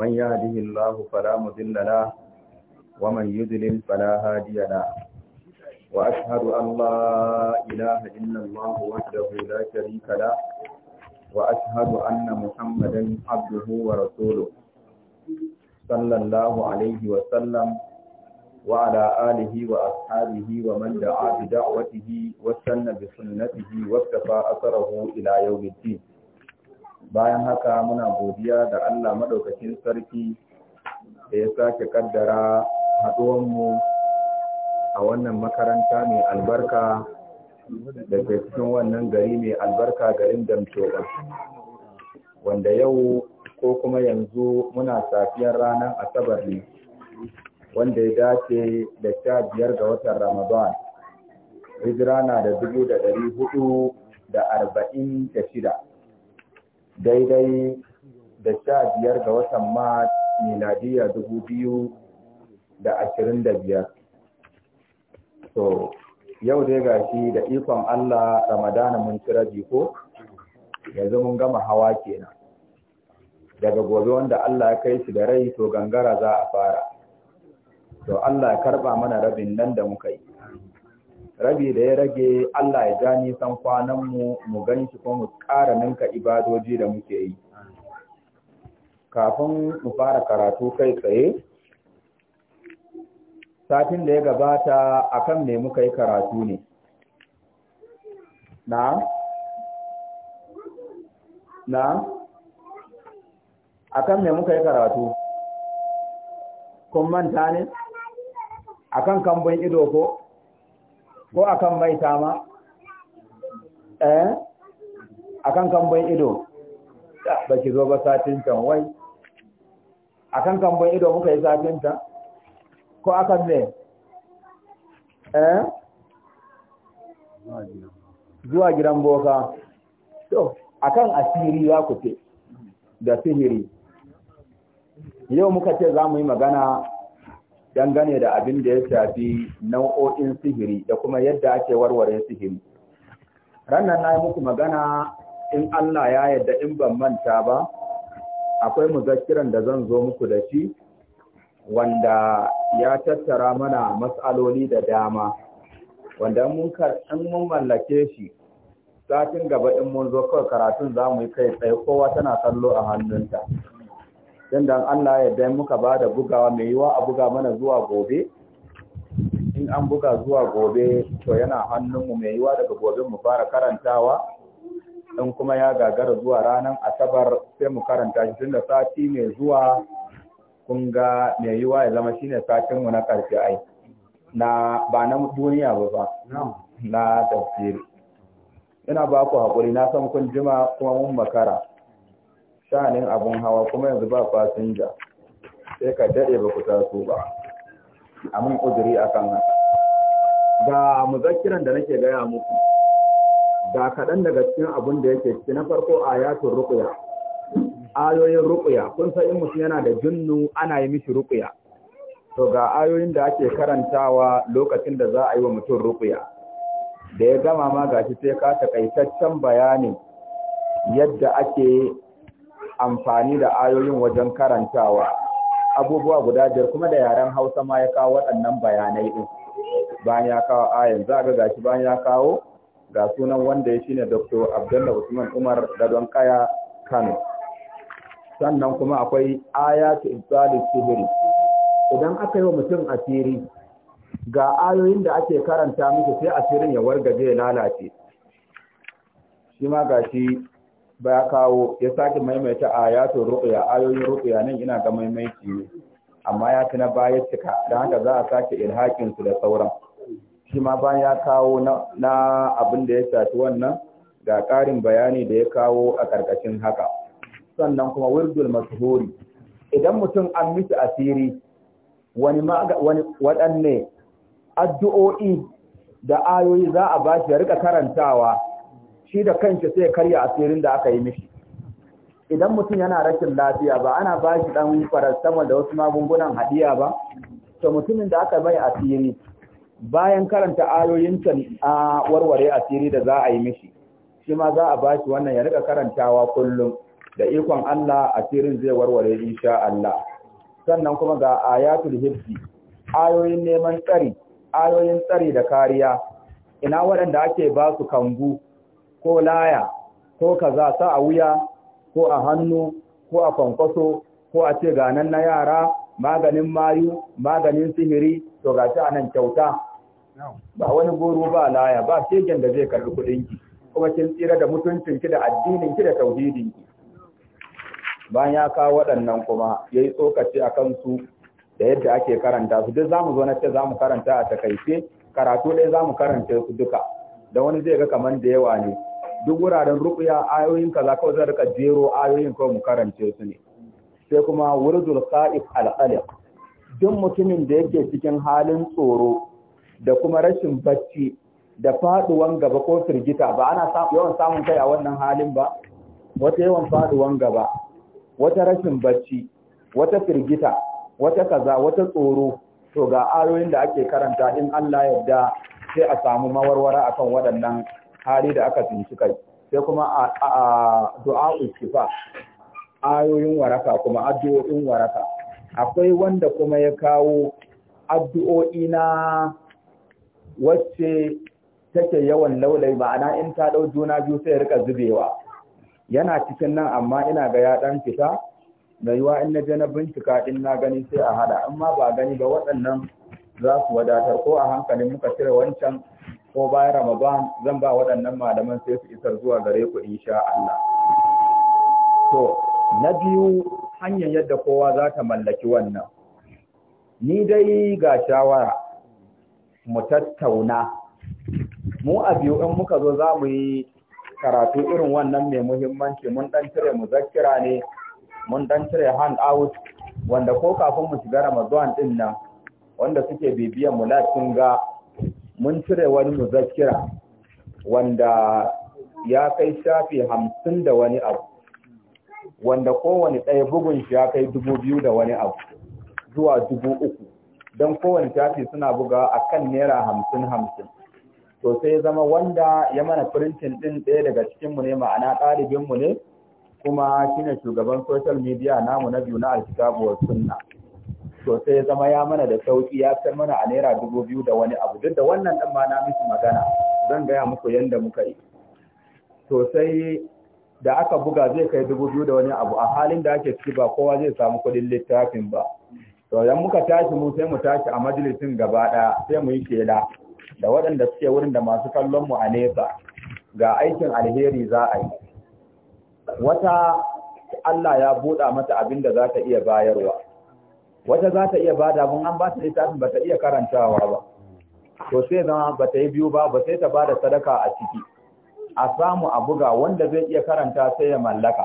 من يهده الله فلا مضل له ومن يضلل فلا هادي له وأشهد أن لا إله إلا الله وحده لا شريك له وأشهد أن محمدا عبده ورسوله صلى الله عليه وسلم وعلى آله وأصحابه ومن دعا بدعوته واستنى بسنته واكتفى أثره إلى يوم الدين bayan haka muna godiya da Allah madaukakin sarki da ya sake kaddara haɗuwanmu a wannan makaranta mai albarka da ke cikin wannan gari mai albarka garin damtoba wanda yau ko kuma yanzu muna safiyar ranar asabar ne wanda ya dace da sha biyar ga watan ramadan hijira na da dubu da ɗari hudu da arba'in da shida daidai da sha biyar ga watan mat miladiya dubu biyu da ashirin da biyar so yau dai ga shi da ikon allah ramadana mun ci rabi ko yanzu mun gama hawa kenan daga gobe wanda allah ya kai shi da rai to gangara za a fara to allah ya karba mana rabin nan da muka yi rabi da ya rage Allah ya ja nisan kwananmu mu gani shi kuma mu ƙara ninka ibadoji da muke yi. Kafin mu fara karatu kai tsaye, satin da ya gabata akan me muka yi karatu ne. Na? Na? Akan me muka yi karatu? Kun manta ne? Akan kambun ido ko? ko akan maita ma eh akan bai ido ba ki zo ba satin can wai akan bai ido muka yi satin ta ko akan me eh zuwa gidan boka to akan asiri za ku ce da sihiri yau muka ce za mu yi magana dangane da abin da ya shafi nau'o'in sihiri da kuma yadda ake warware sihiri. Rannan na yi muku magana in Allah ya yadda in ban manta ba, akwai muzakiran da zan zo muku da shi, wanda ya tattara mana matsaloli da dama, wanda mun mun mallake shi, satin gaba in mun zo kawai karatun za mu yi kai tsaye kowa tana kallo a hannunta. don dan Allah ya dai muka ba da bugawa mai yiwa a buga mana zuwa gobe in an buga zuwa gobe to yana hannunmu mai yiwa daga gobe mu fara karantawa in kuma ya gagara zuwa ranar asabar sai mu karanta shi tun da sati mai zuwa kun ga mai yiwa ya zama shine satinmu na karshe ai na ba na duniya ba ba na tafsiri ina ba ku haƙuri na san kun jima kuma mun makara Shanin abun hawa kuma yanzu ba fasinja sai ka daɗe ba ku taso ba a mun uzuri a kan haka ga muzakiran da nake gaya muku ga kaɗan daga cikin abun da yake ciki na farko a yatun ruqya ayoyin ruqya kun san in mutum yana da junnu ana yi mishi ruqya to ga ayoyin da ake karantawa lokacin da za a yi wa mutum ruqya da ya gama ma gashi sai ka taƙaitaccen bayanin yadda ake amfani da ayoyin wajen karantawa abubuwa guda biyar kuma da yaren hausa ma ya kawo waɗannan bayanai ɗin bayan ya kawo ayan za ga gashi bayan ya kawo ga sunan wanda ya shine dr abdullah usman umar gadon kaya kano sannan kuma akwai ayatu ibsalis sihiri idan aka yi wa mutum asiri ga ayoyin da ake karanta miki sai asirin ya wargaje ya lalace shi ma gashi ba ya kawo ya sake maimaita ruɓe, ruqya ayoyin ruqya nan ina ga maimaici ne amma ya na baya cika dan haka za a sake ilhakin su da sauran shi ma bayan ya kawo na abin da ya shafi wannan ga ƙarin bayani da ya kawo a ƙarƙashin haka sannan kuma wirdul mashhuri idan mutum an miki asiri wani waɗanne addu'o'i da ayoyi za a ba shi ya rika karantawa shi da kanshi sai karya asirin da aka yi mishi idan mutum yana rashin lafiya ba ana ba shi dan farastamol da wasu magungunan hadiya ba to mutumin da aka bai asiri bayan karanta ayoyin can a warware asiri da za a yi mishi shi ma za a ba shi wannan ya rika karantawa kullum da ikon Allah asirin zai warware insha Allah sannan kuma ga ayatul hibzi ayoyin neman tsari ayoyin tsari da kariya ina waɗanda ake ba su kangu ko laya ko kaza sa a wuya ko a hannu ko a kwankwaso ko a ce ganan na yara maganin mayu maganin sihiri to ga ta nan kyauta ba wani goro ba laya ba shegen da zai karbi ki kuma kin tsira da mutuncin, ki da addinin, ki da tauhidinki bayan ya kawo waɗannan kuma yayi tsokaci a kansu da yadda ake karanta su duk zamu zo na ce zamu karanta a takaice karatu ɗaya zamu karanta su duka da wani zai ga kamar da yawa ne duk wuraren rukuya ayoyin kaza kawai zai rika jero ayoyin kawai mu karance su ne sai kuma wurzul qa'if al-qaliq duk mutumin da yake cikin halin tsoro da kuma rashin bacci da faduwan gaba ko firgita ba ana yawan samun kai a wannan halin ba wata yawan faduwan gaba wata rashin bacci wata firgita wata kaza wata tsoro to ga ayoyin da ake karanta in Allah yarda sai a samu mawarwara akan waɗannan hali da aka tsinci kai sai kuma a du'a ukifa ayoyin waraka kuma addu'o'in waraka akwai wanda kuma ya kawo addu'o'i na wacce take yawan laulai ma'ana in ta dau juna biyu sai rika zubewa yana cikin nan amma ina ga ya dan fita da yiwa in na je na bincika in na gani sai a hada amma ba gani ba waɗannan za su wadatar ko a hankalin muka cire wancan ko bayan Ramadan zan ba waɗannan malaman sai su isar zuwa gare ku insha Allah. To, na biyu hanyar yadda kowa za ta mallaki wannan. Ni dai ga shawara mu tattauna. Mu a biyu in muka zo za mu yi karatu irin wannan mai muhimmanci mun ɗan cire zakira ne, mun ɗan cire hand out wanda ko kafin mu shiga Ramadan din nan wanda suke bibiyan mu sun ga mun cire wani muzakira wanda ya kai shafi hamsin da wani abu wanda kowane ɗaya bugun shi ya kai dubu biyu da wani abu zuwa dubu uku don kowane shafi suna buga a kan naira hamsin hamsin to sai zama wanda ya mana firintin ɗin ɗaya daga cikinmu ne ma'ana ɗalibinmu ne kuma shine shugaban social media namu na biyu na alkitabu wa sunna to sai ya zama ya mana da sauki ya san mana a naira dubu biyu da wani abu duk da wannan dan ma na miki magana zan gaya muku yadda muka yi to sai da aka buga zai kai dubu biyu da wani abu a halin da ake ciki ba kowa zai samu kuɗin littafin ba to idan muka tashi mu sai mu tashi a majalisin gaba ɗaya sai mu yi kela da waɗanda suke wurin da masu kallon mu a nesa ga aikin alheri za a yi wata Allah ya buɗa mata abin da za ta iya bayarwa wata za ta iya bada mun an ba ta littafin ba ta iya karantawa ba to sai zama ba ta yi biyu ba ba sai ta bada sadaka a ciki a samu a buga wanda zai iya karanta sai ya mallaka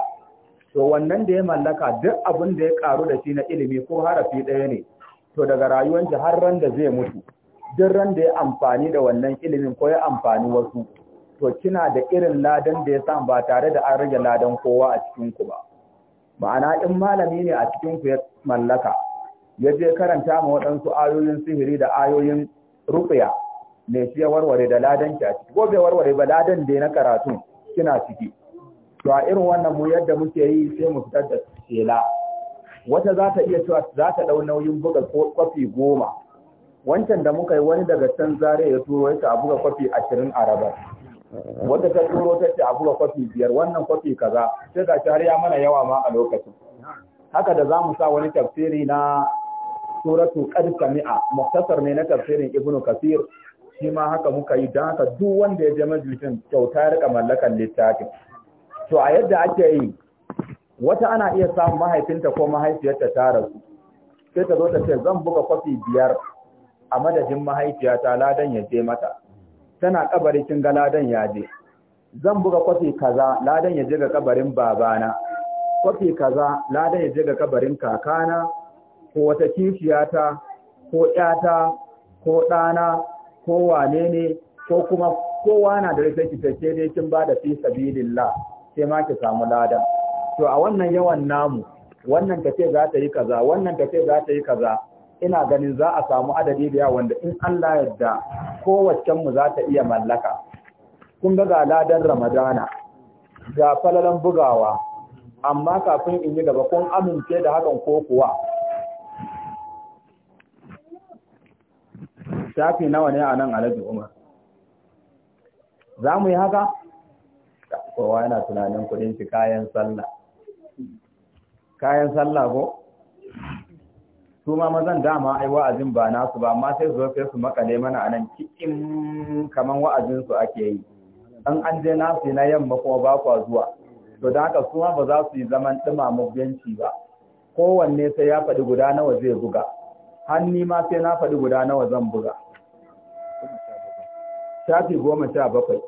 to wannan da ya mallaka duk abin da ya karu da shi na ilimi ko harafi ɗaya ne to daga rayuwar shi har ran da zai mutu duk ran da ya amfani da wannan ilimin ko ya amfani wasu to kina da irin ladan da ya samu ba tare da an rage ladan kowa a cikin ku ba ma'ana in malami ne a cikin ku ya mallaka ya je karanta ma waɗansu ayoyin sihiri da ayoyin rufiya ne shi ya warware da ladan ki a ciki gobe warware ba ladan da na karatu kina ciki to a irin wannan mu yadda muke yi sai mu fitar da shela wata za ta iya cewa za ta dau nauyin buga kofi goma wancan da muka yi wani daga can zare ya turo ya a buga kwafi ashirin a rabar wanda ta turo ta ce a buga kwafi biyar wannan kwafi kaza sai ga har ya mana yawa ma a lokacin haka da za mu sa wani tafsiri na suratu qad sami'a muktasar ne na tafsirin ibnu kasir shi ma haka muka yi don haka duk wanda ya je majalisin kyauta ya rika mallakar littafin to a yadda ake yi wata ana iya samun mahaifinta ko mahaifiyarta ta rasu sai ta zo ta ce zan buga kwafi biyar a madadin mahaifiyata ladan ya je mata tana kabari kin ga ladan ya je zan buga kwafi kaza ladan ya je ga kabarin babana kwafi kaza ladan ya je ga kabarin kakana ko wata kishiyata ko ƴata ko ɗana ko wane ne ko kuma kowa na da rikici take dai kin ba da fi sabilillah sai ma ki samu lada to a wannan yawan namu wannan tace za ta yi kaza wannan tace za ta yi kaza ina ganin za a samu adadi da yawa wanda in Allah yarda kowaccen mu za ta iya mallaka kun ga ladan Ramadana ga falalan bugawa amma kafin in yi gaba kun amince da hakan ko kuwa Safi nawa ne a nan alhaji umar za mu yi haka kowa yana tunanin kudin shi kayan sallah kayan sallah ko su mazan dama ai wa'azin ba nasu ba amma sai zuwa sai su makale mana a nan cikin kamar wa'azin ake yi an an je nasu na yamma kuma ba kwa zuwa to da haka su ba za su yi zaman dumama benci ba kowanne sai ya faɗi guda nawa zai buga hanni ma sai na faɗi guda nawa zan buga shafi goma sha bakwai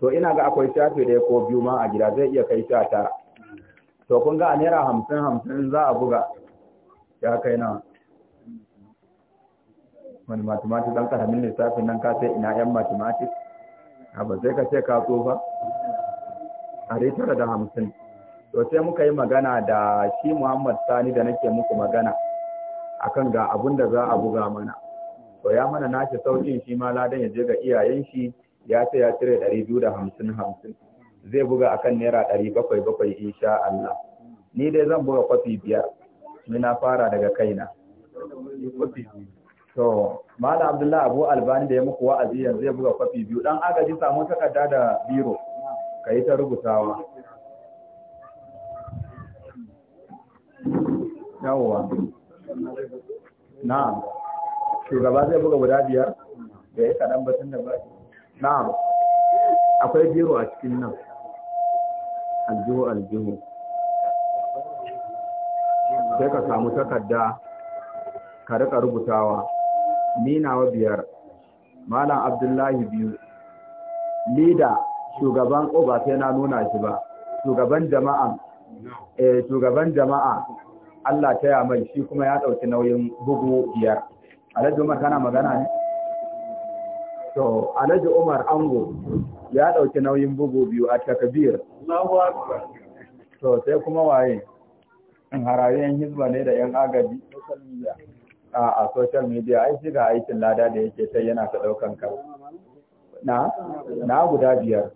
to ina ga akwai shafi ɗaya ko biyu ma a gida zai iya kai sha tara to kun ga a naira hamsin hamsin za a buga ya kai nawa wani matematik ɗan ƙaramin lissafin nan ka sai ina yan matematik. a sai ka ce ka tsofa a tara da hamsin to sai muka yi magana da shi muhammad sani da nake muku magana akan ga abun da za a buga mana to ya mana nashi saukin shi ma ladan ya je ga iyayen shi ya ce ya cire ɗari biyu da hamsin hamsin zai buga akan naira ɗari bakwai bakwai insha Allah ni dai zan buga kwafi biyar ni na fara daga kaina to Malam Abdullahi Abu Albani da ya muku wa'azi yanzu ya buga kwafi biyu dan agaji samu takarda da biro kai ta rubutawa yawwa na'am shugaba zai buga guda biyar da ya kaɗan batun da ba na'am akwai jero a cikin nan aljihu aljihu sai ka samu takarda ka rika rubutawa ninawa biyar malam abdullahi biyu lida shugaban ko ba sai na nuna shi ba shugaban jama'a eh, shugaban jama'a Allah ta yamai shi kuma ya ɗauki nauyin bugu biyar alhaji umar kana magana ne to alhaji umar ango ya ɗauki nauyin bugu biyu a takabir to sai kuma waye harayen hizba ne da yan agaji a social media ai shi ga aikin lada da yake sai yana ta ɗaukan ka na na guda biyar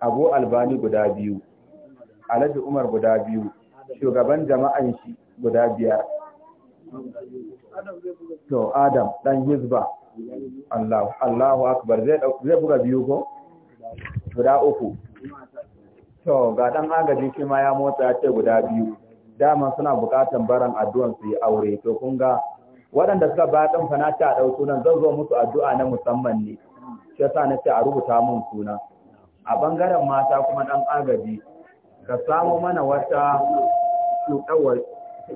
abu albani guda biyu alhaji umar guda biyu shugaban jama'an shi guda biyar to adam dan hizba Allah, Allahu akbar zai buga biyu ko guda uku to ga dan agaji shi ma ya motsa ya ce guda biyu dama suna bukatan baran addu'an su yi aure to kun ga waɗanda suka ba ɗan fana ta ɗau sunan zan zo musu addu'a na musamman ne shi yasa na ce a rubuta mun suna a bangaren mata kuma ɗan agaji ka samu mana wata cuɗawar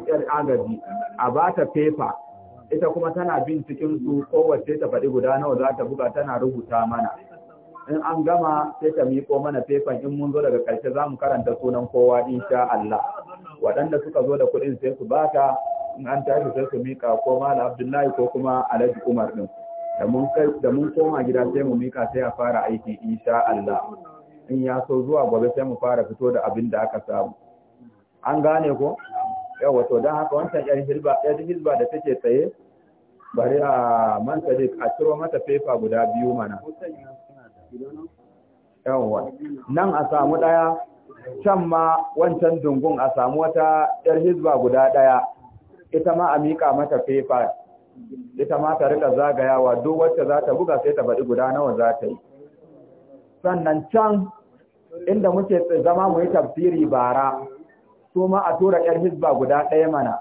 yar agaji a ba ta fefa ita kuma tana bin cikin su kowace ta faɗi guda nawa za ta buga tana rubuta mana in an gama sai ta miko mana fefan in mun zo daga ƙarshe za mu karanta sunan kowa insha Allah waɗanda suka zo da kuɗin sai su baka in an tashi sai su mika ko mala Abdullahi ko kuma Alhaji Umar din da mun koma gida sai mu mika sai a fara aiki insha Allah in ya so zuwa gobe sai mu fara fito da abin da aka samu an gane ko yawa to don haka wancan yan hilba da take tsaye bari a man a ciro mata fefa guda biyu mana yawa nan a samu daya can ma wancan dungun a samu wata yar hizba guda daya ita ma a mika mata fefa ita ma ta rika zagayawa duk wacce za ta buga sai ta baɗi guda nawa za ta yi sannan can inda muke zama mu yi tafsiri bara su ma a tura yar hizba guda ɗaya mana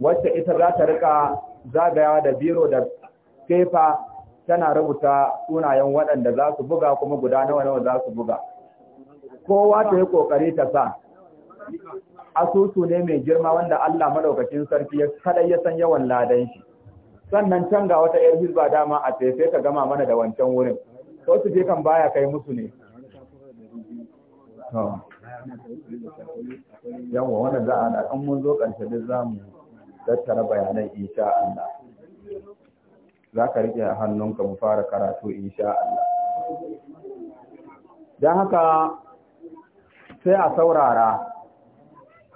wacce ita za ta rika zagayawa da biro da fefa tana rubuta sunayen waɗanda za su buga kuma guda nawa nawa za su buga kowa ta yi kokari ta sa asusu ne mai girma wanda Allah madaukakin sarki ya kada ya san yawan ladan shi sannan can ga wata yar hisba dama a tefe ka gama mana da wancan wurin ko su je kan baya kai musu ne yawon wanda za a haɗa mun zo ƙarshe duk za mu tattara bayanan insha Allah za ka rike a hannunka mu fara karatu insha Allah don haka sai a saurara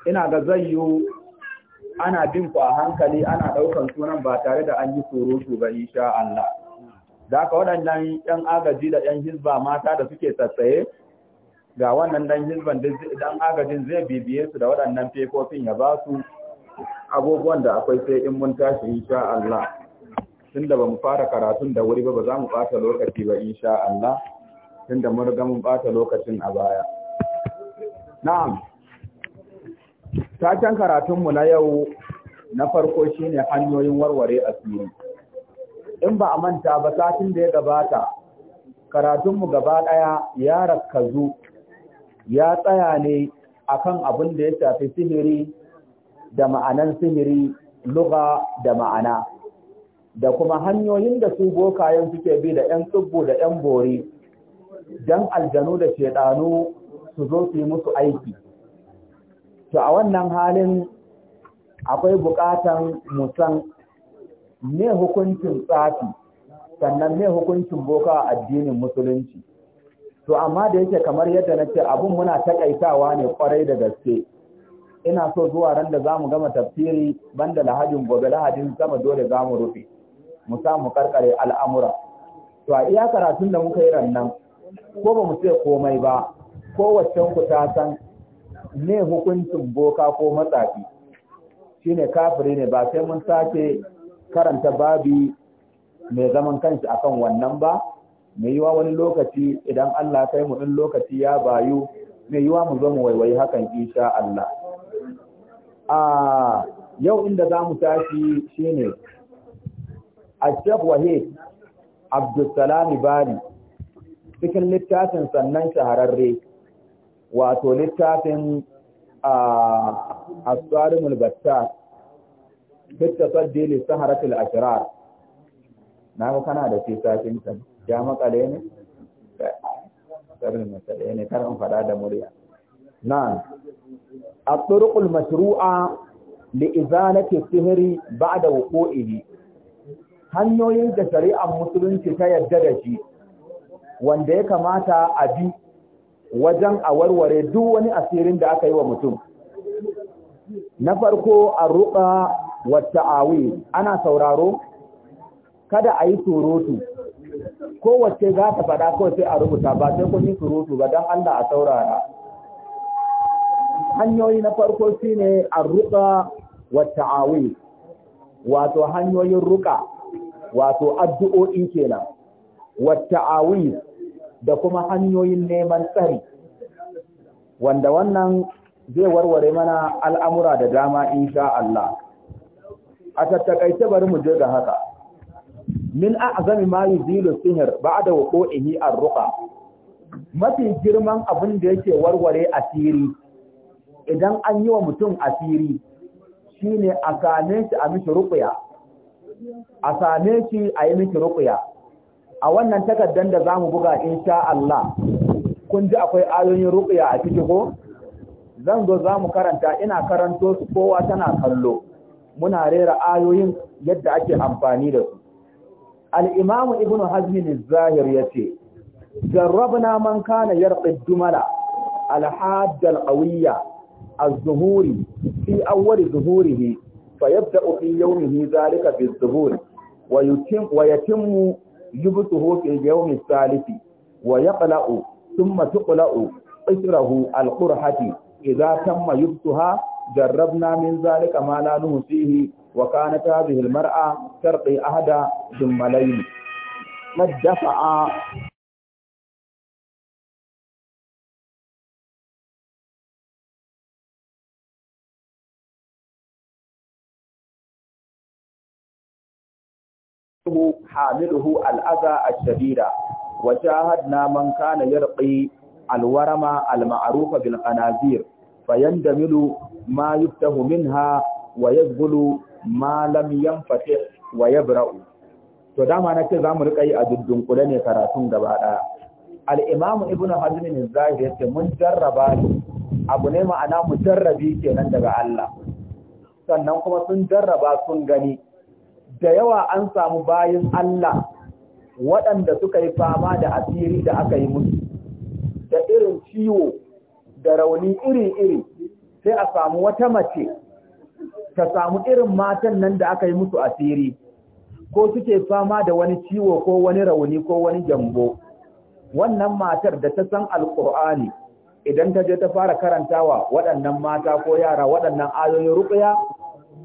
ina ga zayyu ana bin ku a hankali ana ɗaukan sunan ba tare da an yi surutu ba insha Allah da haka waɗannan 'yan agaji da 'yan hizba mata da suke tsatsaye ga wannan dan hizban dan agajin zai bibiye su da waɗannan fefofin ya ba su abubuwan da akwai sai in mun tashi insha Allah tunda bamu fara karatun da wuri ba ba za mu ɓata lokaci ba insha Allah tunda mun riga mun ɓata lokacin a baya na'am taken karatun mu na yau na farko shine hanyoyin warware asiri in ba a manta ba satin da ya gabata karatunmu gaba ɗaya ya rakazu ya tsaya ne akan abin da ya shafi sihiri da ma'anan sihiri luga da ma'ana da kuma hanyoyin da su bokayen suke bi da 'yan tsubbu da 'yan bori don aljanu da shedanu su zo su yi musu aiki to a wannan halin akwai bukatan musan ne hukuncin tsafi sannan ne hukuncin boka addinin musulunci to amma da yake kamar yadda na ce abin muna taƙaitawa ne kwarai da gaske ina so zuwa ran da zamu gama tafsiri banda lahadin gobe lahadin sama dole zamu rufe mu samu karkare al'amura to a iya karatun da muka yi rannan ko ba mu ce komai ba kowaccen ku ta san ne hukuncin boka ko matsafi shine kafiri ne ba sai mun sake karanta babi mai zaman kanshi akan wannan ba mai yiwa wani lokaci idan Allah kai mu ɗin lokaci ya bayu mai yiwa mu zo mu waiwayi hakan insha Allah a yau inda za mu tashi shine a Sheikh Wahid Abdulsalam Bari cikin littafin sannan shahararre wato littafin a Asarimul Battar Bitta Saddi saharatul Ashirar na kana da ce safinta. ya makale ne karin makale ne karin fada da murya na'am at mashru'a li sihri ba'da wuqu'ihi hanyoyin da shari'ar musulunci ta yarda da shi wanda ya kamata a bi wajen a warware duk wani asirin da aka yi wa mutum na farko a ruƙa wata awi ana sauraro kada a yi surutu kowace za ta faɗa kawai sai a rubuta ba sai kun yi surutu ba don Allah a saurara. Hanyoyi na farko shi ne a ruka wa ta'awi, wato hanyoyin ruka, wato addu'o'i kenan, wa ta'awi da kuma hanyoyin neman tsari, wanda wannan zai warware mana al'amura da dama insha Allah. A tattakaice bari mu je ga haka. min a'zami ma yuzilu sihr ba'da wuqu'ihi a ruqa mafi girman abin da yake warware asiri idan an yi wa mutum asiri shine a same shi a miki rukuya a same shi a yi miki rukuya a wannan takardar da zamu buga insha Allah kun ji akwai ayoyin rukuya a ciki ko zan zo zamu karanta ina karanto su kowa tana kallo muna rera ayoyin yadda ake amfani da su al-imamu ibnu hazmin ya ce jarrabna man kana yarqi jumala al-hadd al-qawiyya az-zuhuri fi awwal zuhurihi fayabda'u fi yawmihi dhalika bi-dhuhur wa yutim wa yatimmu yubtuhu fi yawmi ath-thalithi wa yaqla'u thumma tuqla'u israhu al-qurhati idza tamma yubtuha jarrabna min dhalika ma la وكانت هذه المرأة ترقي أحد جملين قد دفع حامله الأذى الشديد وشاهدنا من كان يرقي الورم المعروف بالقنازير فيندمل ما يفته منها ويذبل ma lam yanfati wa yabra'u to dama na ce zamu rika yi a kula ne karatun gaba ɗaya. Al'imamu imamu ibnu hazm ne ya ce mun jarraba ne abu ne ma'ana mu jarrabi kenan daga Allah sannan kuma sun jarraba sun gani da yawa an samu bayan Allah waɗanda suka yi fama da asiri da aka yi musu da irin ciwo da rauni iri-iri sai a samu wata mace ka samu irin matan nan da aka yi musu asiri ko suke fama da wani ciwo ko wani rauni ko wani jambo wannan matar da ta san alkur'ani idan ta je ta fara karantawa waɗannan mata ko yara waɗannan ayoyin ruƙuya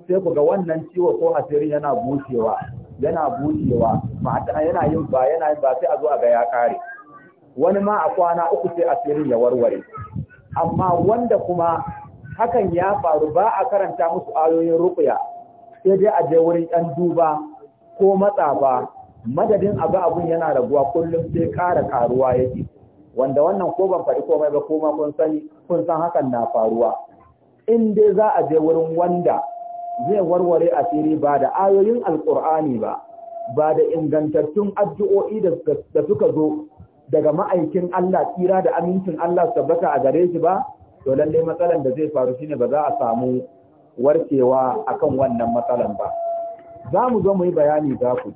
sai ku ga wannan ciwo ko asiri yana bushewa yana bushewa yana yin ba yana ba sai a zo a ga ya kare wani ma a kwana uku sai asirin ya warware amma wanda kuma hakan ya faru ba a karanta musu ayoyin rukuya sai dai a je wurin ɗan duba ko matsafa madadin abu abun yana raguwa kullum sai ƙara karuwa yake wanda wannan ko ban faɗi komai ba kuma kun sani kun san hakan na faruwa in dai za a je wurin wanda zai warware asiri ba da ayoyin Alƙur'ani ba ba da ingantattun addu'o'i da suka zo daga ma'aikin Allah tsira da amincin Allah tabbata a gare shi ba to lalle matsalan da zai faru shine ba za a samu warkewa akan wannan matsalan ba za mu zo mu yi bayani za ku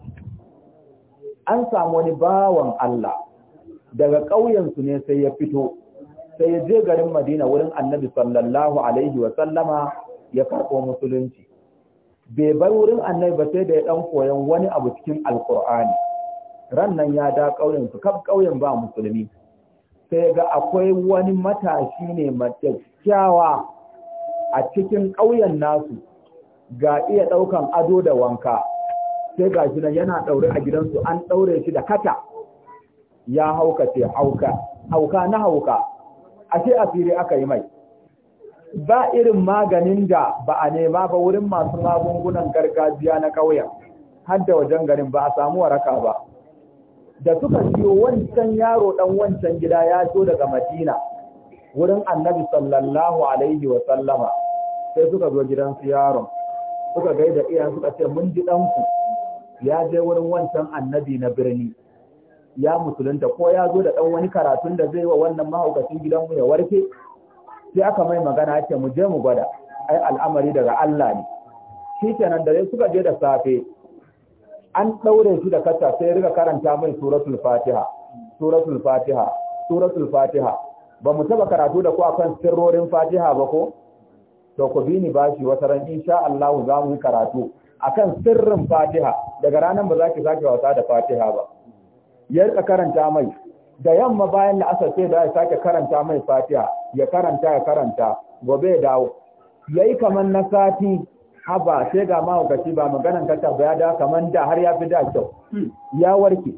an samu wani bawan Allah daga ƙauyensu ne sai ya fito sai ya je garin Madina wurin Annabi sallallahu alaihi wa sallama ya karɓo musulunci bai bar wurin Annabi ba sai da ya ɗan koyon wani abu cikin Alƙur'ani ran nan ya da ƙauyensu su kaf ƙauyen ba musulmi sai ga akwai wani matashi ne matakyawa a cikin ƙauyen nasu ga iya ɗaukan ado da wanka sai ga shi yana ɗaure a gidansu an ɗaure shi da kata ya hauka ce hauka hauka na hauka ashe asiri aka yi mai ba irin maganin da ba a nema ba wurin masu magungunan gargajiya na ƙauyen har wajen garin ba a samu waraka ba da suka siyo wancan yaro dan wancan gida ya so daga Madina wurin annabi sallallahu alaihi wa sallama sai suka zo gidansu yaro suka gaida iyayen suka ce mun ji ɗanku ya je wurin wancan annabi na birni ya musulunta ko ya zo da ɗan wani karatun da zai wa wannan mahaukacin gidan mu ya warke sai aka mai magana ake mu je mu gwada ai al'amari daga Allah ne shi kenan da suka je da safe an ɗaure shi da kasa sai rika karanta mai suratul fatiha suratul fatiha suratul fatiha ba mu taba karatu da ku akan sirrorin fatiha ba ko to ku bi ni bashi wata ran insha Allah za mu yi karatu akan sirrin fatiha daga ranar ba za ki sake wasa da fatiha ba ya rika karanta mai da yamma bayan asar sai da ya sake karanta mai fatiha ya karanta ya karanta gobe ya dawo yayi kamar na sati haba sai ga mahaukaci ba maganan ka tabbaya da kamar da har ya fi da kyau ya warke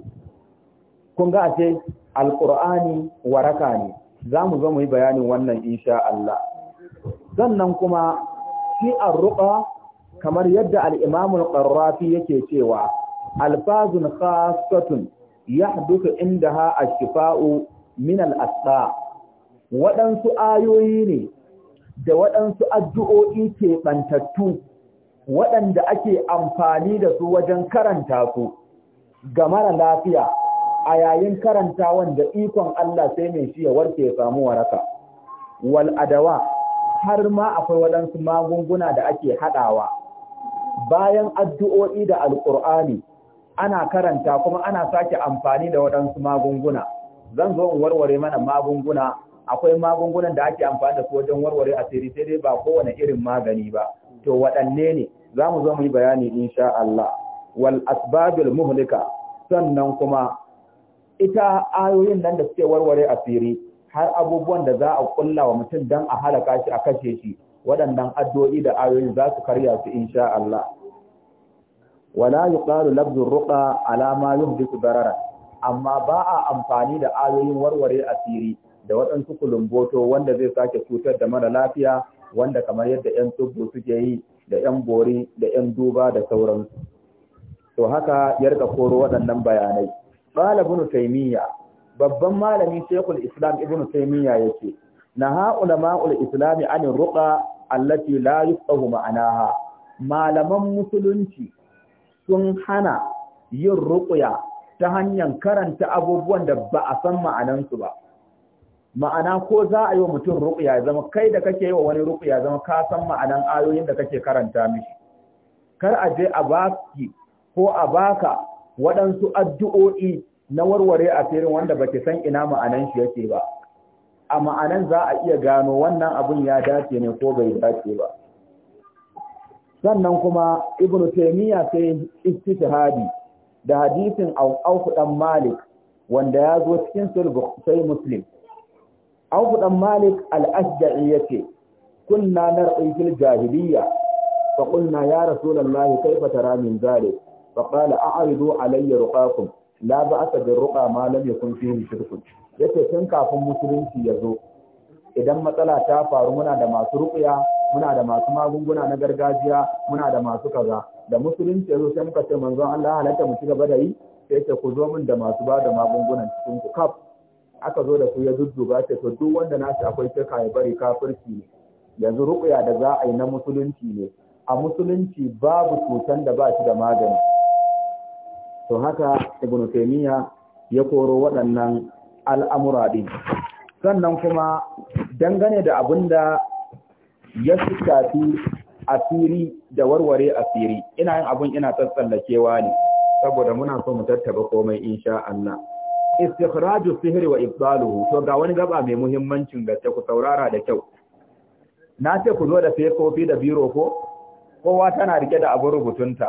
kun ga ce alqur'ani waraka ne za mu zo mu yi bayanin wannan insha Allah sannan kuma shi arruqa kamar yadda al-imam al-qarrafi yake cewa alfazun khasatun yahduka indaha a shifau min al waɗansu ayoyi ne da waɗansu addu'o'i ke ɓantattu waɗanda ake amfani da su wajen karanta su ga mara lafiya a yayin karanta wanda ikon Allah sai mai shi ya warke ya samu waraka wal adawa har ma akwai waɗansu magunguna da ake haɗawa bayan addu'o'i da alƙur'ani ana karanta kuma ana sake amfani da waɗansu magunguna zan zo in warware mana magunguna akwai magungunan da ake amfani da su wajen warware asiri sai dai ba kowane irin magani ba to waɗanne ne za mu zo mu yi bayani insha Allah wal asbabil muhlika sannan kuma ita ayoyin nan da suke warware asiri har abubuwan da za a kulla wa mutum dan a halaka shi a kashe shi waɗannan addu'o'i da ayoyin za su karya su insha Allah wala yuqalu labzu ruqa ala ma yuhdithu darara amma ba a amfani da ayoyin warware asiri da waɗansu kulumboto wanda zai sake cutar da mara lafiya wanda kamar yadda 'yan tubu suke yi da ‘yan bori da ‘yan duba da sauransu. To haka ya rika koro waɗannan bayanai. Ƙala ibn babban malami Sheikhul Islam ibn Taymiyya yake na ha ulama'ul islami anin ruqa allati la yuqahu ma'anaha malaman musulunci sun hana yin ruƙuya ta hanyar karanta abubuwan da ba a san ma'anansu ba. ma'ana ko za a yi wa mutum ruqya ya zama kai da kake yi wa wani ruqya ya zama ka san ma'anan ayoyin da kake karanta mishi kar a je a baki ko a baka waɗansu addu'o'i na warware a firin wanda baki san ina ma'anan shi yake ba a ma'anan za a iya gano wannan abun ya dace ne ko bai dace ba sannan kuma ibn taymiya sai istihadi da hadisin au dan malik wanda ya zo cikin sulh sai muslim Abu dan Malik al-Ashja'i yace kunna na fil jahiliyya fa qulna ya rasulullahi kayfa tara min zalik fa qala a'ridu alayya ruqakum la ba'sa bir ruqa ma lam yakun fihi shirkun yace tun kafin musulunci ya zo idan matsala ta faru muna da masu ruƙuya, muna da masu magunguna na gargajiya muna da masu kaza da musulunci zo sai muka ce manzon Allah halatta mu ci gaba da yi sai ce ku zo min da masu ba da magungunan cikin ku kaf aka zo da ku ya zuzzuba ce to duk wanda nashi akwai shirka ya bari kafirci ne yanzu rukuya da za a yi na musulunci ne a musulunci babu cutan da ba shi da magani to haka ibnu taymiya ya koro waɗannan al'amura din sannan kuma dangane da abin da ya shafi asiri da warware asiri ina yin abun ina tsallakewa ne saboda muna so mu tattaba komai insha Allah istikhraju sihri wa ibdaluhu to ga wani gaba mai muhimmancin gaske ku saurara da kyau na ce ku zo da fefofi da biro ko kowa tana rike da abin rubutunta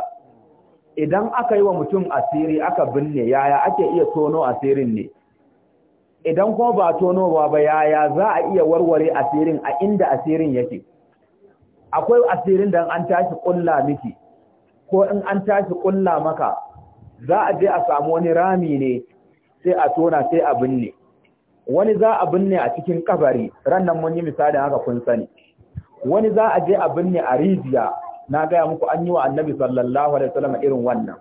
idan aka yi wa mutum asiri aka binne yaya ake iya tono asirin ne idan kuma ba tono ba yaya za a iya warware asirin a inda asirin yake akwai asirin da an tashi kulla miki ko in an tashi kulla maka za a je a samu wani rami ne sai a tona sai a binne wani za a binne a cikin kabari rannan mun yi misalin haka kun sani wani za a je a binne a rijiya na gaya muku an yi wa annabi sallallahu alaihi wasallam irin wannan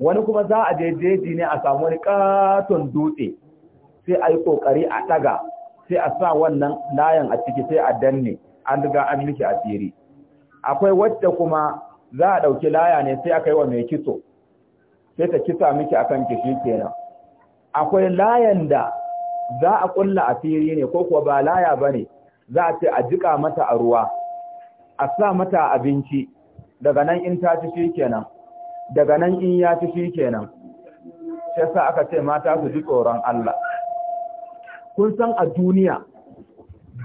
wani kuma za a je jeji ne a samu wani katon dutse sai a yi kokari a daga sai a sa wannan layan a ciki sai a danne an riga an miki asiri akwai wacce kuma za a ɗauki laya ne sai aka yi wa mai kitso sai ta kisa miki akan kishi kenan akwai layan da za a kulla a fili ne ko kuwa ba laya ba ne za a ce a jika mata a ruwa a sa mata abinci daga nan in ta ci kenan daga nan in ya ci kenan shi yasa aka ce mata su ji tsoron Allah kun san a duniya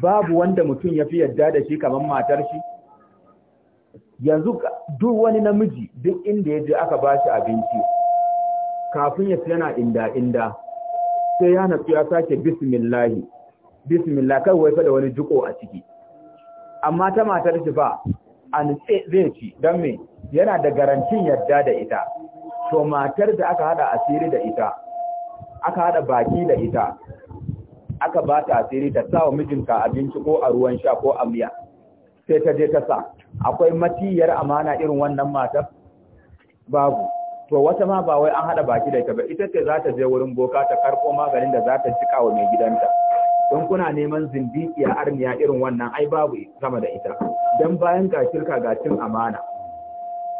babu wanda mutum ya fi yadda da shi kamar matar shi yanzu duk wani namiji duk inda ya je aka ba shi abinci kafin ya yana inda inda sai ya natsu ya sake bismillahi bismillah kai wai fa da wani jiko a ciki amma ta matar shi ba an zai ci don me yana da garantin yarda da ita to matar da aka hada asiri da ita aka hada baki da ita aka ba ta asiri ta sa wa mijinka abinci ko a ruwan sha ko a miya sai ta je ta sa akwai matiyar amana irin wannan matar babu to wata ma ba wai an haɗa baki da ita ba ita ce za ta je wurin boka ta karɓo maganin da za ta cika wa mai gidanta don kuna neman zindiƙiya arniya irin wannan ai babu sama da ita don bayan ga shirka ga cin amana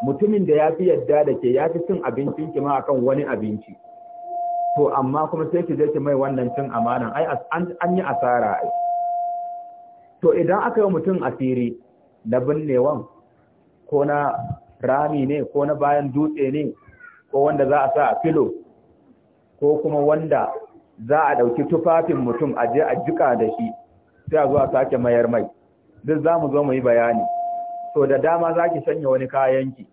mutumin da ya fi yadda da ke ya fi cin abincin ki ma akan wani abinci to amma kuma sai ki je ki mai wannan cin amana ai an yi asara ai to idan aka yi mutum asiri na binnewan ko na rami ne ko na bayan dutse ne ko wanda za a sa a filo ko kuma wanda za a ɗauki tufafin mutum a je a jika da shi sai a zo sake mayar mai duk za mu zo mu yi bayani so da dama za ki sanya wani kayan ki,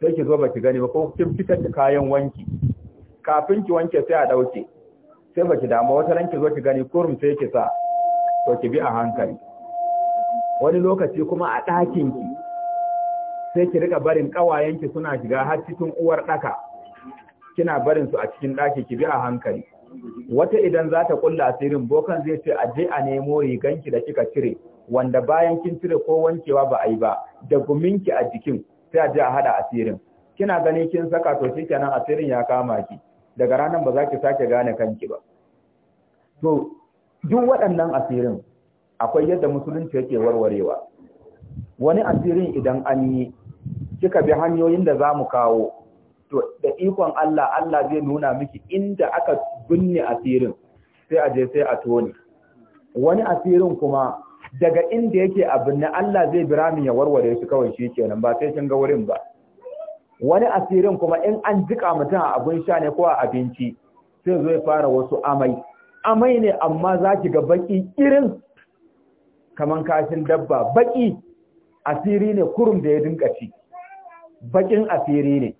sai ki zo ba ki gani ba ko kin fitar da kayan wanki kafin ki wanke sai a ɗauke sai ba ki damu wata ki zo ki gani kurum sai ki sa to ki bi a hankali wani lokaci kuma a ki sai ki rika barin ƙawayenki suna shiga har cikin uwar daka kina barin su a cikin ɗaki ki bi a hankali wata idan za ta kulla asirin bokan zai ce a je a nemo riganki da kika cire wanda bayan kin cire ko wankewa ba a yi ba da guminki a jikin sai a je a haɗa asirin kina gani kin saka to kenan asirin ya kama ki daga ranar ba za ki sake gane kanki ba to duk waɗannan asirin akwai yadda musulunci yake warwarewa wani asirin idan an yi kika bi hanyoyin da za mu kawo to da ikon Allah Allah zai nuna miki inda aka binne asirin sai a je sai a tone wani asirin kuma daga inda yake a binne Allah zai bira min ya warware shi kawai shi kenan ba sai kin ga wurin ba wani asirin kuma in an jika mutum a abin sha ne ko a abinci sai zo fara wasu amai amai ne amma za ki ga baki irin kaman kashin dabba baki asiri ne kurum da ya dinka ci bakin asiri ne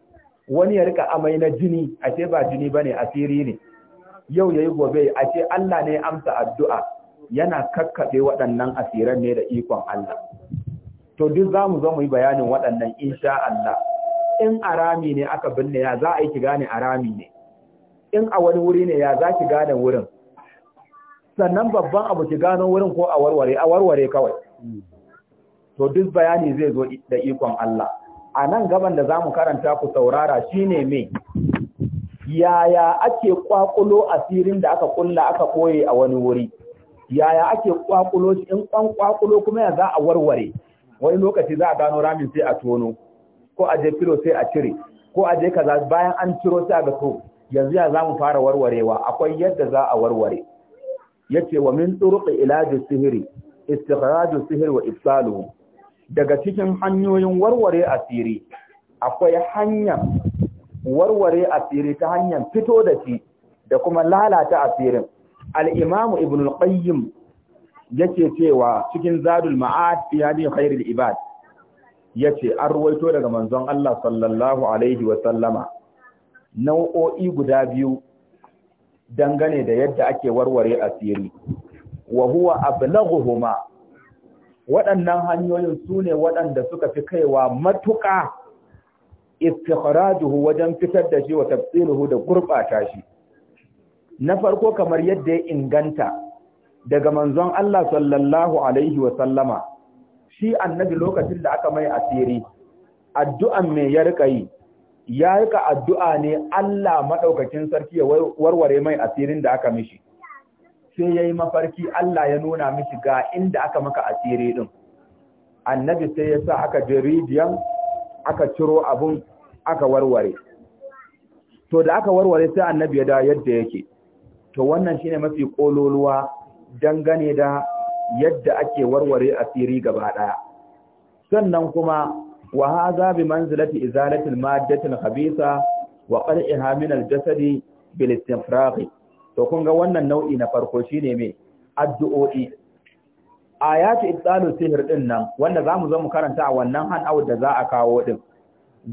wani ya rika amai na jini ashe ba jini bane asiri ne yau yayi gobe ashe Allah ne amsa addu'a yana kakkabe waɗannan asiran ne da ikon Allah to duk zamu zo mu yi bayanin waɗannan insha Allah in arami ne aka binne ya za a yi ki gane arami ne in a wani wuri ne ya za ki gane wurin sannan babban abu ki gano wurin ko a warware a warware kawai hmm. to duk bayani zai zo da ikon Allah a nan gaban da za mu karanta ku saurara shine me yaya ake kwakulo asirin da aka kulla aka koye a wani wuri yaya ake kwakulo shi in kwan kwakulo kuma ya za a warware wani lokaci za a gano ramin sai a tono ko a je filo sai a cire ko a je kaza bayan an ciro sai a ga to yanzu ya za mu fara warwarewa akwai yadda za a warware yace wa min turuqi ilaji sihiri istikhraju sihiri wa ibsaluhu daga cikin hanyoyin warware asiri akwai hanyar warware asiri ta hanyar fito da shi da kuma lalata asirin al imam ibn al-qayyim yake cewa cikin zadul ma'ad fi hadi khairul ibad yace an ruwaito daga manzon Allah sallallahu alaihi wa sallama nau'o'i guda biyu dangane da yadda ake warware asiri wa huwa ablaghuhuma waɗannan hanyoyin su ne waɗanda suka fi kaiwa matuƙa istikharajuhu wajen fitar da shi wa tafsiruhu da gurɓata shi na farko kamar yadda ya inganta daga manzon Allah sallallahu alaihi wa sallama shi annabi lokacin da aka mai asiri addu'an me ya rika yi ya rika addu'a ne Allah madaukakin sarki ya warware mai asirin da aka mishi sai ya yi mafarki Allah ya nuna miki ga inda aka maka asiri din annabi sai ya sa aka je aka ciro abun aka warware to da aka warware sai annabi ya da yadda yake to wannan shine mafi kololuwa dangane da yadda ake warware asiri gaba ɗaya. sannan kuma wa haza bi manzilati izalati al-maddati al-khabitha wa qal'iha min al-jasadi bil istinfragh to kun ga wannan nau'i na farko shine me addu'o'i ayatu ibtalu sihir din nan wanda zamu zo mu karanta a wannan handout da za a kawo din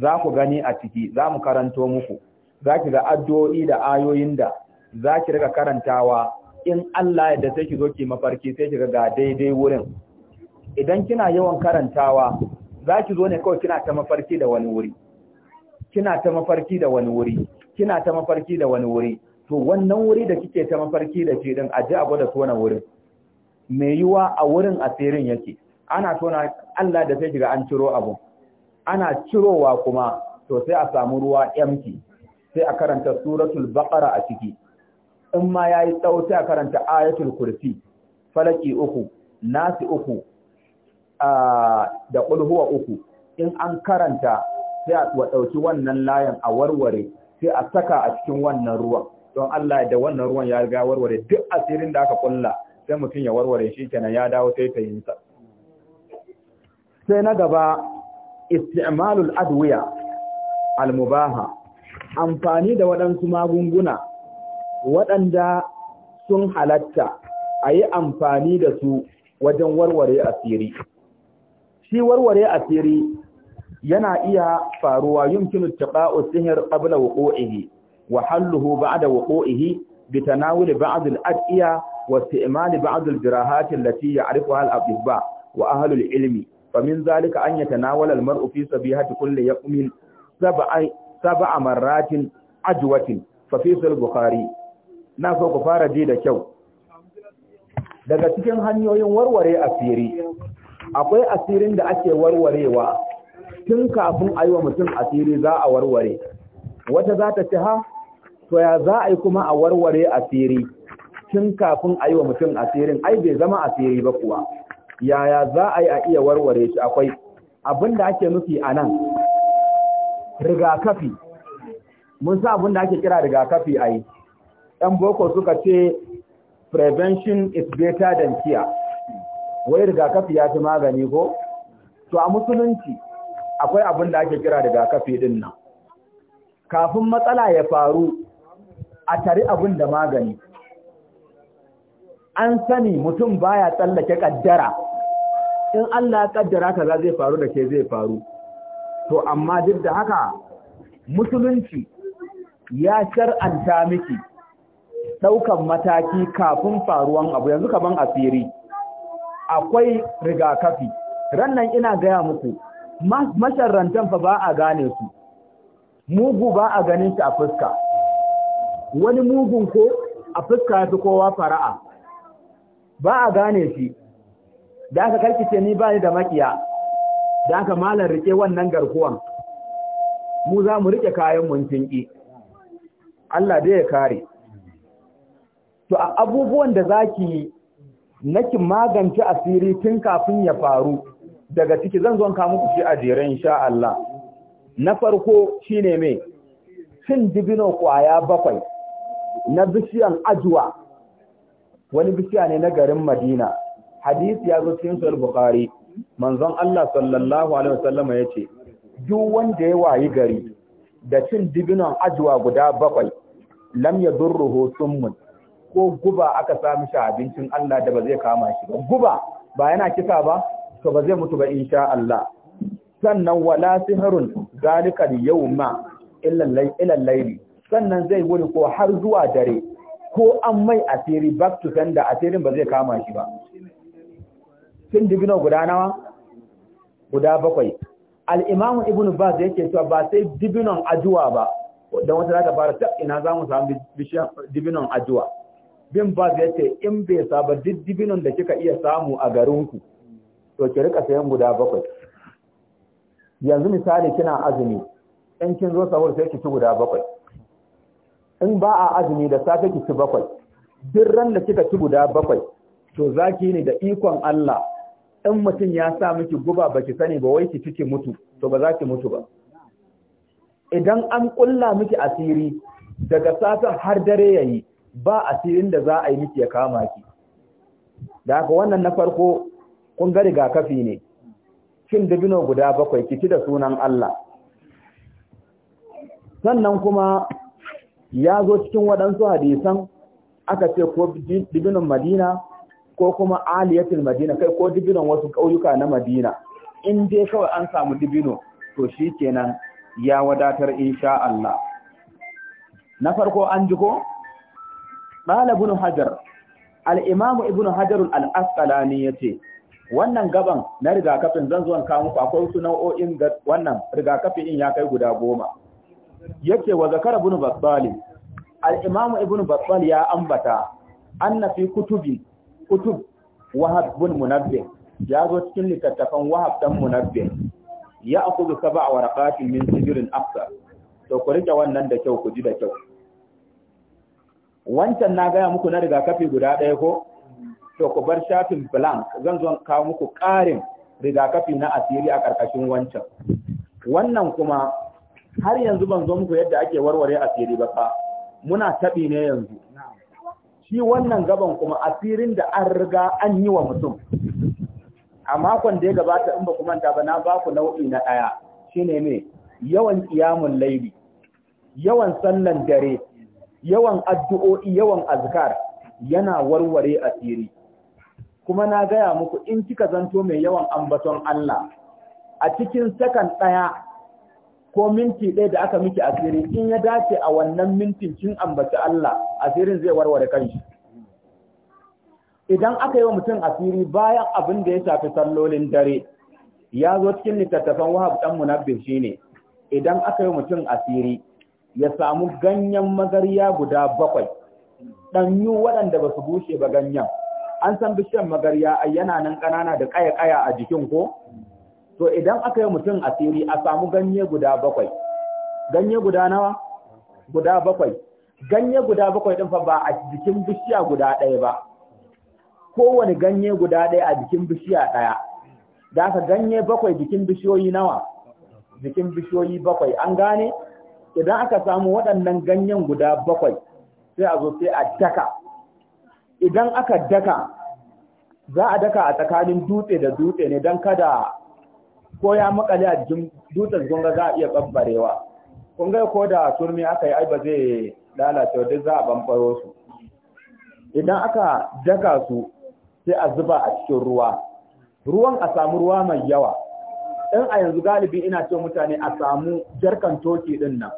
za ku gani a ciki za mu karanto muku za ki ga addu'o'i da ayoyin da za ki riga karantawa in Allah yadda sai ki zo ki mafarki sai ki ga daidai wurin idan kina yawan karantawa za ki zo ne kawai kina ta mafarki da wani wuri kina ta mafarki da wani wuri kina ta mafarki da wani wuri to wannan wuri da kike ta mafarki da ke din aje a gwada tona wurin mai yiwa a wurin asirin yake ana tona Allah da sai kiga an ciro abu ana cirowa kuma to sai a samu ruwa empty sai a karanta suratul baqara a ciki in ma yayi tsawo sai a karanta ayatul kursi falaki uku nasi uku da qul huwa uku in an karanta sai a dauki wannan layan a warware sai a saka a cikin wannan ruwan don Allah da wannan ruwan ya ga warware duk asirin da aka kulla sai mutum ya warware shi kenan ya dawo sai ta yinsa sai na gaba isti'malul adwiya al amfani da waɗansu magunguna waɗanda sun halatta ayi amfani da su wajen warware asiri shi warware asiri yana iya faruwa yumkinu tiqa'u sihir, qabla wuqu'ihi wa halluhu ba'da wuqu'ihi bi tanawul ba'd al-adiya wa isti'mal ba'd al-jirahat allati ya'rifuha al wa ahli al-ilmi famin zalika an yatanawala al-mar'u fi sabihati kulli yawmin sab'a sab'a marratin ajwatin fa fi na so ku fara ji da kyau daga cikin hanyoyin warware asiri akwai asirin da ake warwarewa tun kafin a yi wa mutum asiri za a warware wata za ta ci ha to ya za a yi kuma a warware asiri tun kafin a yi wa mutum asirin ai bai zama asiri ba kuwa yaya za a yi a iya warware shi akwai abin da ake nufi a nan rigakafi mun sa abin da ake kira rigakafi a yi ɗan boko suka ce prevention is better than cure wai rigakafi ya fi magani ko to a musulunci akwai abin da ake kira rigakafi din nan kafin matsala ya faru a tari abin da magani an sani mutum baya tsallake kaddara in Allah ya kaddara kaza zai faru da ke zai faru to amma duk da haka musulunci ya shar'anta miki ɗaukan mataki kafin faruwan abu yanzu kaman asiri akwai rigakafi rannan ina gaya muku masharrantan fa ba a gane su mugu ba a ganin shi a fuska wani mugun ko a fuska ya fi kowa fara'a ba a gane shi da aka karkice ni ba ni da makiya da aka malar rike wannan garkuwan mu za mu rike kayan mun tinki Allah dai ya kare to a abubuwan da zaki naki magance asiri tun kafin ya faru daga ciki zan zon ka muku shi a jere insha Allah na farko shine me cin dibino kwaya bakwai na bishiyan ajwa wani bishiya ne na garin Madina hadisi ya zo cikin sahih bukhari manzon Allah sallallahu alaihi wasallam yace duk wanda ya wayi gari da cin dibinan ajwa guda bakwai lam yadurruhu summun ko guba aka sami shi abincin Allah da ba zai kama shi ba guba ba yana kisa ba to ba zai mutu ba insha Allah sannan wala sihrun zalika al-yawma illa al-layli sannan zai wuri ko har zuwa dare ko an mai asiri back to sender asirin ba zai kama shi ba sun dibino guda nawa guda bakwai al'imamu ibn baz yake cewa ba sai dibinon ajuwa ba don wata za ta fara ta ina za mu samu dibinon ajuwa bin baz ya ce in bai saba duk dibinon da kika iya samu a garinku to ki rika sayan guda bakwai yanzu misali kina azumi in kin zo sahur sai ki ci guda bakwai in ba a azumi da safe ki ci bakwai duk ran da kika ci guda bakwai to zaki ne da ikon Allah in mutum ya sa miki guba baki sani ba wai ki ci mutu to ba za ki mutu ba idan an kulla miki asiri daga safe har dare yayi ba asirin da za a yi miki ya kama ki da haka wannan na farko kun ga rigakafi ne kin dabino guda bakwai ki ci da sunan Allah sannan kuma ya zo cikin waɗansu hadisan aka ce ko dibinin madina ko kuma aliyatul madina kai ko dibinan wasu ƙauyuka na madina in dai kawai an samu dibino to shi kenan ya wadatar insha Allah na farko an ji ko ɗalibin hajar al'imamu ibn hajar al'asƙalani ya ce wannan gaban na rigakafin zan zuwan kawo akwai wasu nau'o'in wannan rigakafin in ya kai guda goma yake wa zakara ibn battali al-imam ibn ya ambata anna fi kutubi kutub wahab ibn munabbih ya zo cikin littattafan wahab dan munabbih ya akudu sab'a waraqatin min sidrin afsar to ku rike wannan da kyau ku ji da kyau wancan na gaya muku na rigakafi guda ɗaya ko to ku bar shafin blank zan zo kawo muku ƙarin rigakafi na asiri a ƙarƙashin wancan wannan kuma har yanzu ban zo muku yadda ake warware asiri ba fa muna taɓi ne yanzu shi wannan gaban kuma asirin da an riga an yi wa mutum a makon da ya gabata in ba ku manta ba na ba ku nau'i na ɗaya shine ne yawan kiyamun laili yawan sallan dare yawan addu'o'i yawan azkar yana warware asiri kuma na gaya muku in kika zanto mai yawan ambaton Allah a cikin sakan ɗaya ko minti ɗaya da aka miki asiri in ya dace a wannan mintin kin ambaci Allah asirin zai warware shi. idan aka yi wa mutum asiri bayan abin da ya shafi sallolin dare ya zo cikin littattafan wahab dan munabbih shine idan aka yi mutum asiri ya samu ganyen magarya guda bakwai ɗanyu waɗanda ba su bushe ba ganyen an san bishiyar magarya yana nan ƙanana da ƙaya a jikin ko to idan aka yi mutum asiri a samu ganye guda bakwai ganye guda nawa guda bakwai ganye guda bakwai din fa ba a jikin bishiya guda ɗaya ba kowane ganye guda ɗaya a jikin bishiya ɗaya da aka ganye bakwai jikin bishiyoyi nawa jikin bishiyoyi bakwai an gane idan aka samu waɗannan ganyen guda bakwai sai a zo sai a daka idan aka daka za a daka a tsakanin dutse da dutse ne don kada ko ya makale a jikin dutsen gunga za a iya bambarewa kun ko da turmi aka yi ai ba zai lalace duk za a bambaro su idan aka daga su sai a zuba a cikin ruwa ruwan a samu ruwa mai yawa in a yanzu galibi ina ce mutane a samu jarkan toki din nan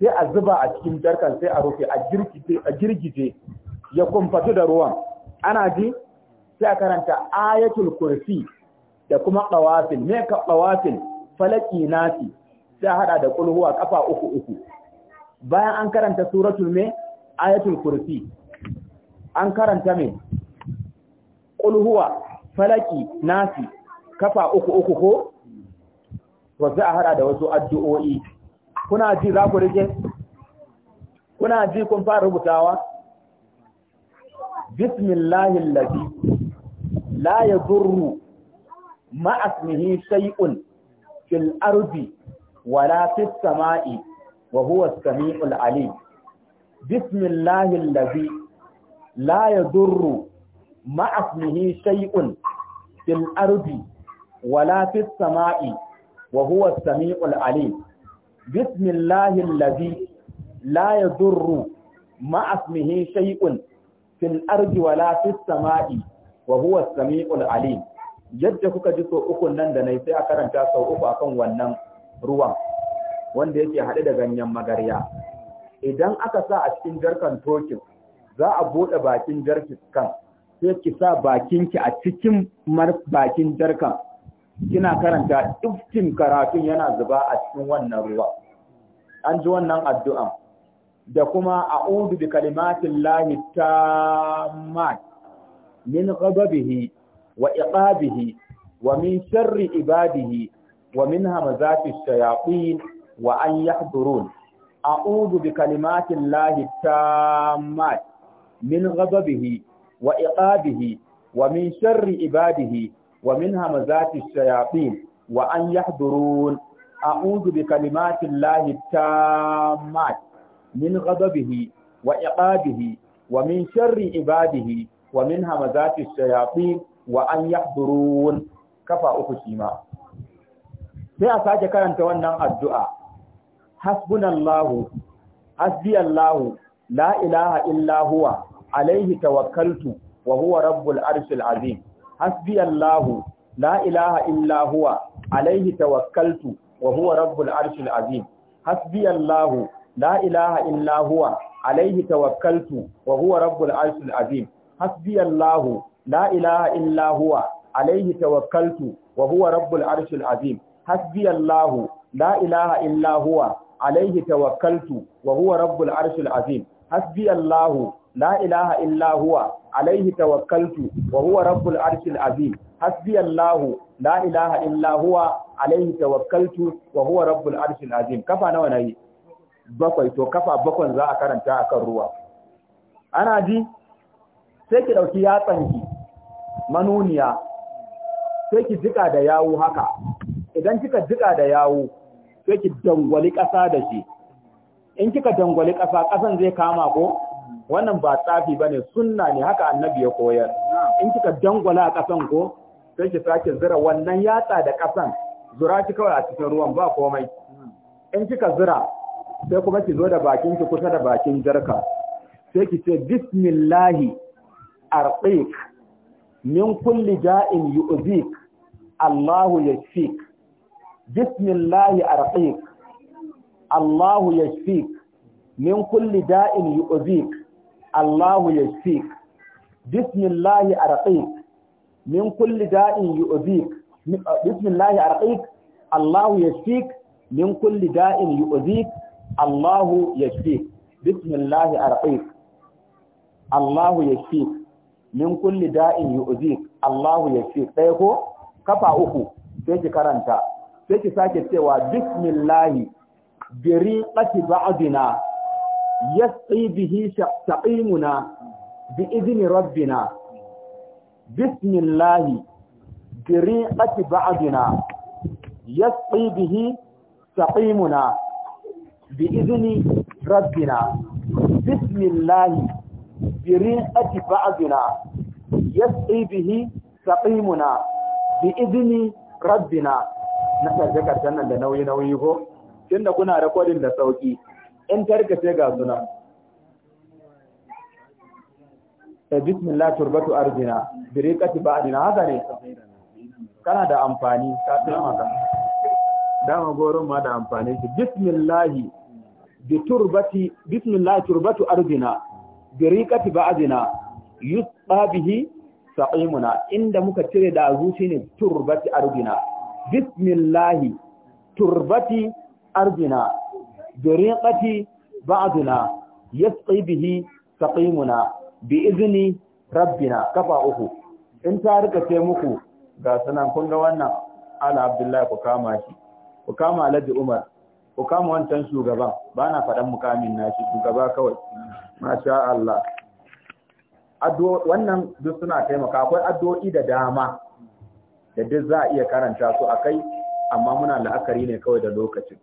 sai a zuba a cikin jarkan sai a rufe a girgije ya kumfatu da ruwan ana ji sai a karanta ayatul kursi da kuma qawafil me ka qawafil falaki nasi sai hada da ƙulhuwa ƙafa kafa uku uku bayan an karanta suratul me ayatul kursi an karanta me ƙulhuwa, falaki nasi kafa uku uku ko to sai a hada da wasu addu'o'i kuna ji za ku rike kuna ji kun fara rubutawa bismillahil ladhi la yadurru Ma'asmihi shai'un, shay'un fil ardi wala fis sama'i wa huwa samiul ali. bismillahi allazi la ya ma ma'asmihi shai'un, fil ardi wala fis sama'i wa huwa samiul ali. bismillahi allazi la ya ma ma'asmihi shai'un, fil ardi wala fis sama'i wa huwa samiul ali. yadda kuka ji sau uku nan da nai sai a karanta sau uku a kan wannan ruwan wanda yake haɗe da ganyen magarya idan aka sa a cikin jarkan tokin za a buɗe bakin jarkin kan sai ki sa bakinki a cikin bakin jarkan kina karanta iftin karatun yana zuba a cikin wannan ruwa an ji wannan addu'a da kuma a'udhu bi kalimatillahi lahi tammat min ghadabihi وإقابه ومن شر عباده ومن همزات الشياطين وأن يحضرون أعوذ بكلمات الله التامات من غضبه وإقابه ومن شر عباده ومن همزات الشياطين وأن يحضرون أعوذ بكلمات الله التامات من غضبه وإقابه ومن شر عباده ومن همزات الشياطين wa an yahdurun kafa uku kima sai a sake karanta wannan addu'a hasbunallahu hasbiyallahu la ilaha illa huwa alaihi tawakkaltu wa huwa rabbul arshil azim hasbiyallahu la ilaha illa huwa alaihi tawakkaltu wa huwa rabbul arshil azim hasbiyallahu la ilaha illa huwa alaihi tawakkaltu wa huwa rabbul arshil azim hasbiyallahu la ilaha illa huwa alaihi tawakkaltu wa huwa rabbul arshil azim hasbi la ilaha illa huwa alaihi tawakkaltu wa huwa rabbul arshil azim la ilaha illa huwa tawakkaltu wa huwa rabbul arshil azim la ilaha illa huwa tawakkaltu wa huwa rabbul arshil azim kafa nawa nayi bakwai to kafa bakwai za a karanta akan ruwa ana ji sai ki dauki yatsanki manuniya sai ki jika da yawo haka idan kika jika da yawo sai ki dangwali ƙasa da shi in kika dangwali ƙasa ƙasan zai kama ko wannan ba tsafi bane sunna ne haka annabi ya koyar in kika dangwala a ƙasan ko sai ki sake zira wannan yatsa da ƙasan zura ki kawai a cikin ruwan ba komai in kika zira sai kuma ki zo da bakin ki kusa da bakin jarka sai ki ce bismillahi arqiq min kulli da'in yu'zik Allahu yashfik bismillahi arqiq Allahu yashfik min kulli da'in yu'zik Allahu yashfik bismillahi arqiq min kulli da'in yu'zik bismillahi Allahu yashfik min kulli da'in yu'zik Allahu yashfik bismillahi arqiq Allahu yashfik min kulli da'in yu'zik Allahu ce ɗaya ko kafa uku sai ki karanta sai ki sake cewa bismillahi biri qati ba'dina yasqi bihi shaqimuna bi idni rabbina bismillahi biri qati ba'dina yasqi bihi shaqimuna bi idni rabbina bismillahi بريئة بعضنا يسعي به سقيمنا بإذن ربنا نسأل ذكر جنة لنوي نويه tunda kuna rekodin da sauki in tarkace ga suna da bismillah turbatu arzina birikati ba'dina haka ne kana da amfani ka taimaka dama goron ma da amfani shi bismillah bi turbati biriqati ba'dina yusba bihi sa'imuna inda muka cire da azuci ne turbati ardina bismillah turbati ardina birikati ba'dina yusqi bihi sa'imuna bi izni rabbina kafa uku in ta rika ce muku ga sanan kun ga wannan ala abdullahi ku kama shi ku kama alhaji umar ku kama wancan shugaban ba na faɗan mukamin nashi shugaba kawai masha Allah wannan duk suna taimaka akwai addu'o'i da dama da duk za a iya karanta su akai amma muna la'akari ne kawai da lokacin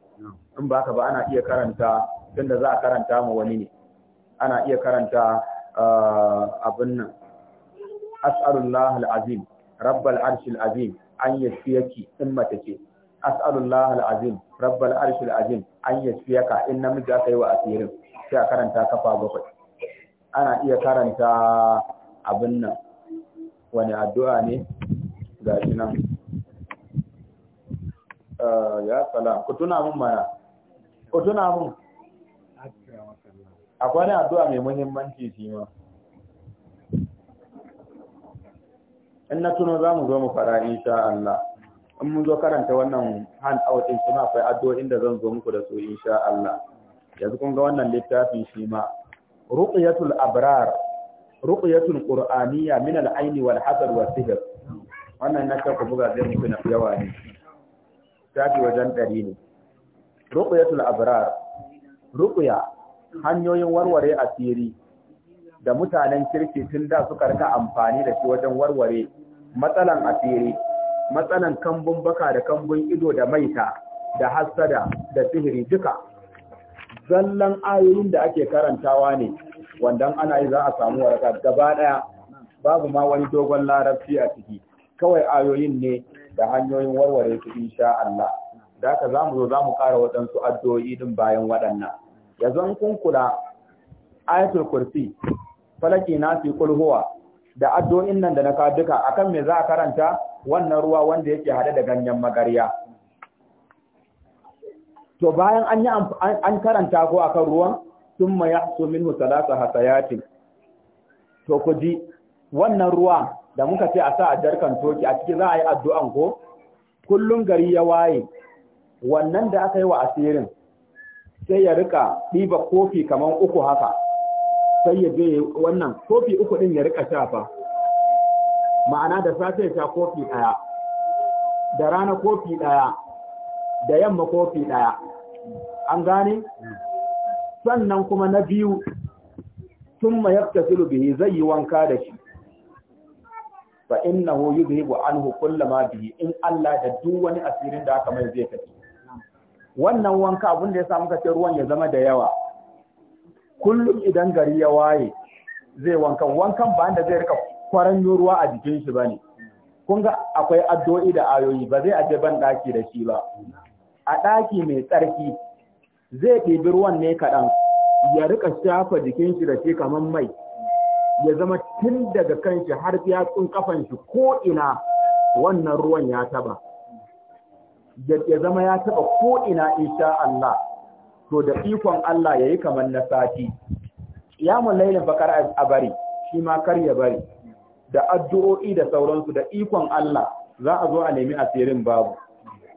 in ba ka ba ana iya karanta tunda za a karanta ma wani ne ana iya karanta ah, abin nan as'alullahi al'azim rabbal arshil azim an yashfiyaki ummatake. ce al a'zim rabbal arshil azim an yashfiyaka in namiji aka yi wa asirin sai a karanta kafa bakwai ana iya karanta abin nan wani addu'a ne ga shi nan eh, ya salam ku tuna mun mara, ku tuna mun akwai ne addu'a mai muhimmanci shi ma in na tuno za mu zo mu fara insha Allah in mun zo karanta wannan hand out din kuma akwai addu'o'in da zan zo muku da su insha Allah yanzu kun ga wannan littafin shi ma ruqyatul abrar ruqyatul qur'aniyya min al-ayn wal hasad wa sihr wannan na ku buga zai muku na yawa ne tafi wajen ɗari ne ruqyatul abrar ruqya hanyoyin warware asiri da mutanen kirki tun da suka rika amfani da shi wajen warware matsalan asiri matsalan kambun baka da kambun ido da maita da hassada da sihiri duka zallan ayoyin da ake karantawa ne wanda ana yi za a samu waraka gaba daya babu ma wani dogon larabci a ciki kawai ayoyin ne da hanyoyin warware su insha Allah da haka zamu zo zamu kara waɗansu addu'o'i din bayan waɗannan yanzu an kun kula ayatul kursi falaki nasi kul huwa da addu'o'in nan da na ka duka akan me za a karanta wannan ruwa wanda yake hade da ganyen magarya to bayan an yi an karanta ko akan ruwan maya su minhu thalatha hasayatin to ku ji wannan ruwa da muka ce a sa a jarkan toki a ciki za a yi addu'an ko kullum gari ya waye wannan da aka yi wa asirin sai ya rika ɗiba kofi kamar uku haka sai ya je wannan kofi uku ɗin ya rika shafa ma'ana da safe sha kofi ɗaya da rana kofi ɗaya da yamma kofi ɗaya an gane sannan kuma na biyu tun ma yafta bihi zai yi wanka da shi fa innahu yuzhibu anhu ma bihi in Allah da duk wani asirin da aka mai zai tafi wannan wanka abin da ya samu muka ce ruwan ya zama da yawa kullum idan gari ya waye zai wankan wankan ba da zai rika kwaran ruwa a jikin shi bane kun ga akwai addu'o'i da ayoyi ba zai aje ban daki da shi ba a daki mai tsarki zai ɗebi ruwan ne kaɗan ya rika shafa jikin shi da shi kamar mai ya zama tun daga kan shi har yatsun kafan shi ko ina wannan ruwan ya taba ya zama ya taba ko ina insha Allah to da ikon Allah yayi kamar na sati qiyamul lailin bakar a bari shi ma kar ya bari da addu'o'i da sauransu da ikon Allah za a zo a nemi asirin babu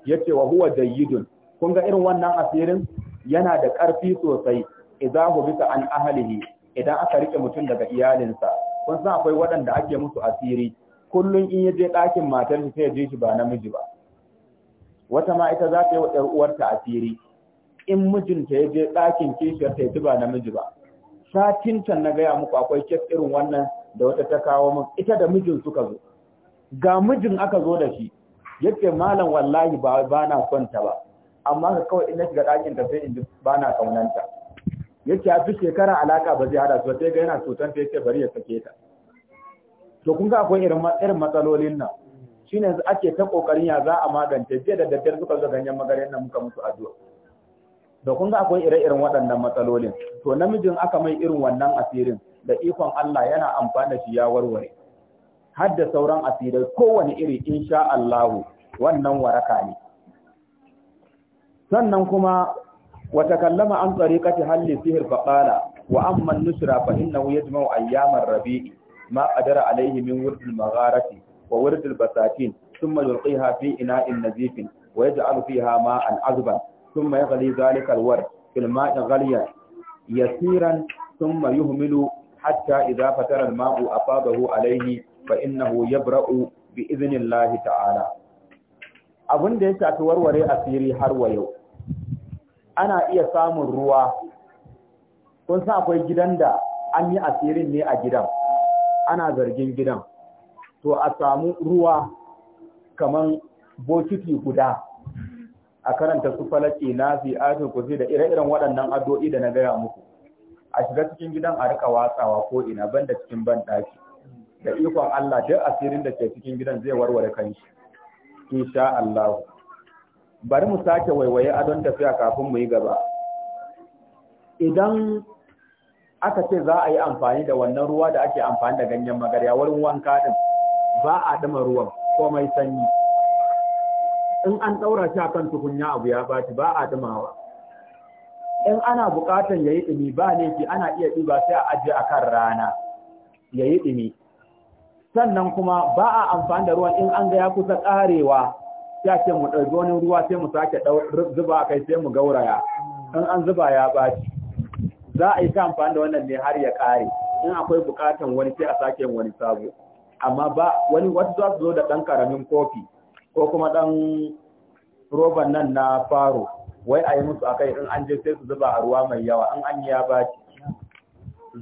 yace wa huwa jayyidun kun ga irin wannan asirin yana da ƙarfi sosai idza bisa an ahlihi idan aka rike mutum daga iyalinsa kun san akwai waɗanda ake musu asiri Kullum in yaje ɗakin matar sai ya je shi ba namiji ba wata ma ita za ta yi wa uwarta asiri in mijinta ya je ɗakin kishiyar ta ji ba namiji ba satin can na gaya muku akwai kek irin wannan da wata ta kawo mun ita da mijin suka zo ga mijin aka zo da shi yace malam wallahi ba ba na son ta ba amma ka kawai in na shiga ɗakin da sai in ji ba na kaunanta yace a fi shekara alaka ba zai hada su sai ga yana cutan ta yace bari ya sake ta to kun ga akwai irin irin matsalolin nan shine ake ta kokarin ya za a magance jiya da daddare suka zo ganyen magarin nan muka musu addu'a da kun ga akwai ire-iren waɗannan matsalolin to namijin aka mai irin wannan asirin da ikon Allah yana amfani da shi ya warware har da sauran asirai kowane iri insha Allah wannan waraka ne sannan kuma wata kallama an tariqati halli sihir fa qala wa amma an-nusra fa innahu yajma'u ayyamar rabi'i ma qadara alayhi min wurdil magharati wa wurdil basatin thumma yulqiha fi ina'in nazifin wa yaj'alu fiha ma'an azban ثم يغلي ذلك الورد في الماء غليا يسيرا ثم يهمل حتى إذا فتر الماء أفاضه عليه فإنه يبرأ بإذن الله تعالى abin da ya shafi warware asiri har wa yau ana iya samun ruwa kun san akwai gidan da an yi asirin ne a gidan ana zargin gidan to a samu ruwa kaman bokiti guda a karanta su falaki nafi ayatul kursi da ire-iren waɗannan addu'o'i da na gaya muku a shiga cikin gidan a rika watsawa ko ina banda cikin ban ɗaki da ikon Allah duk asirin da ke cikin gidan zai warware kanshi insha Allah bari mu sake waiwaye adon tafiya kafin mu yi gaba idan aka ce za a yi amfani da wannan ruwa da ake amfani da ganyen magarya wurin wanka din ba a dama ruwan komai sanyi in an ɗaura shi a kan tukunya abu ya ba ba a dumawa in ana buƙatan ya yi ɗumi ba ki ana iya ɗiba sai a ajiye a kan rana ya yi ɗumi sannan kuma ba a amfani da ruwan in an ga ya kusa ƙarewa ya ce mu ɗauki wani ruwa sai mu sake zuba kai sai mu gauraya in an zuba ya baci za a yi ta amfani da wannan ne har ya ƙare in akwai buƙatan wani sai a sake wani sabo amma ba wani wasu za su zo da ɗan ƙaramin kofi ko kuma ɗan roban nan na faro wai a yi musu a kai in an je sai su zuba a ruwa mai yawa in an ya ba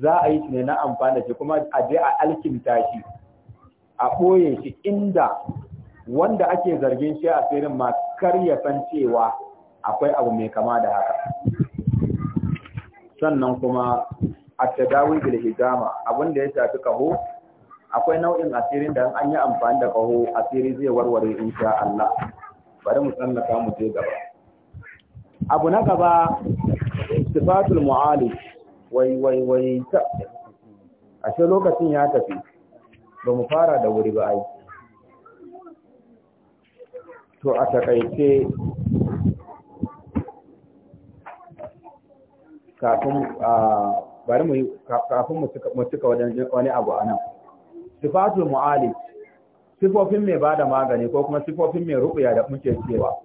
za a yi shi ne na amfani da shi kuma a je a alkinta shi a ɓoye shi inda wanda ake zargin shi a sirin ma kar ya san cewa akwai abu mai kama da haka sannan kuma a tadawi bil hijama abin da ya shafi kaho akwai nau'in asirin da an yi amfani da kaho asiri zai warware insha Allah bari mu tsallaka mu je gaba abu na gaba sifatul mu'ali wai wai wai ta ashe lokacin ya tafi ba mu fara da wuri ba ai to a takaice kafin bari mu kafin mu cika wani abu a nan. sifatul mu'alif sifofin mai bada magani ko kuma sifofin mai rubuya da muke cewa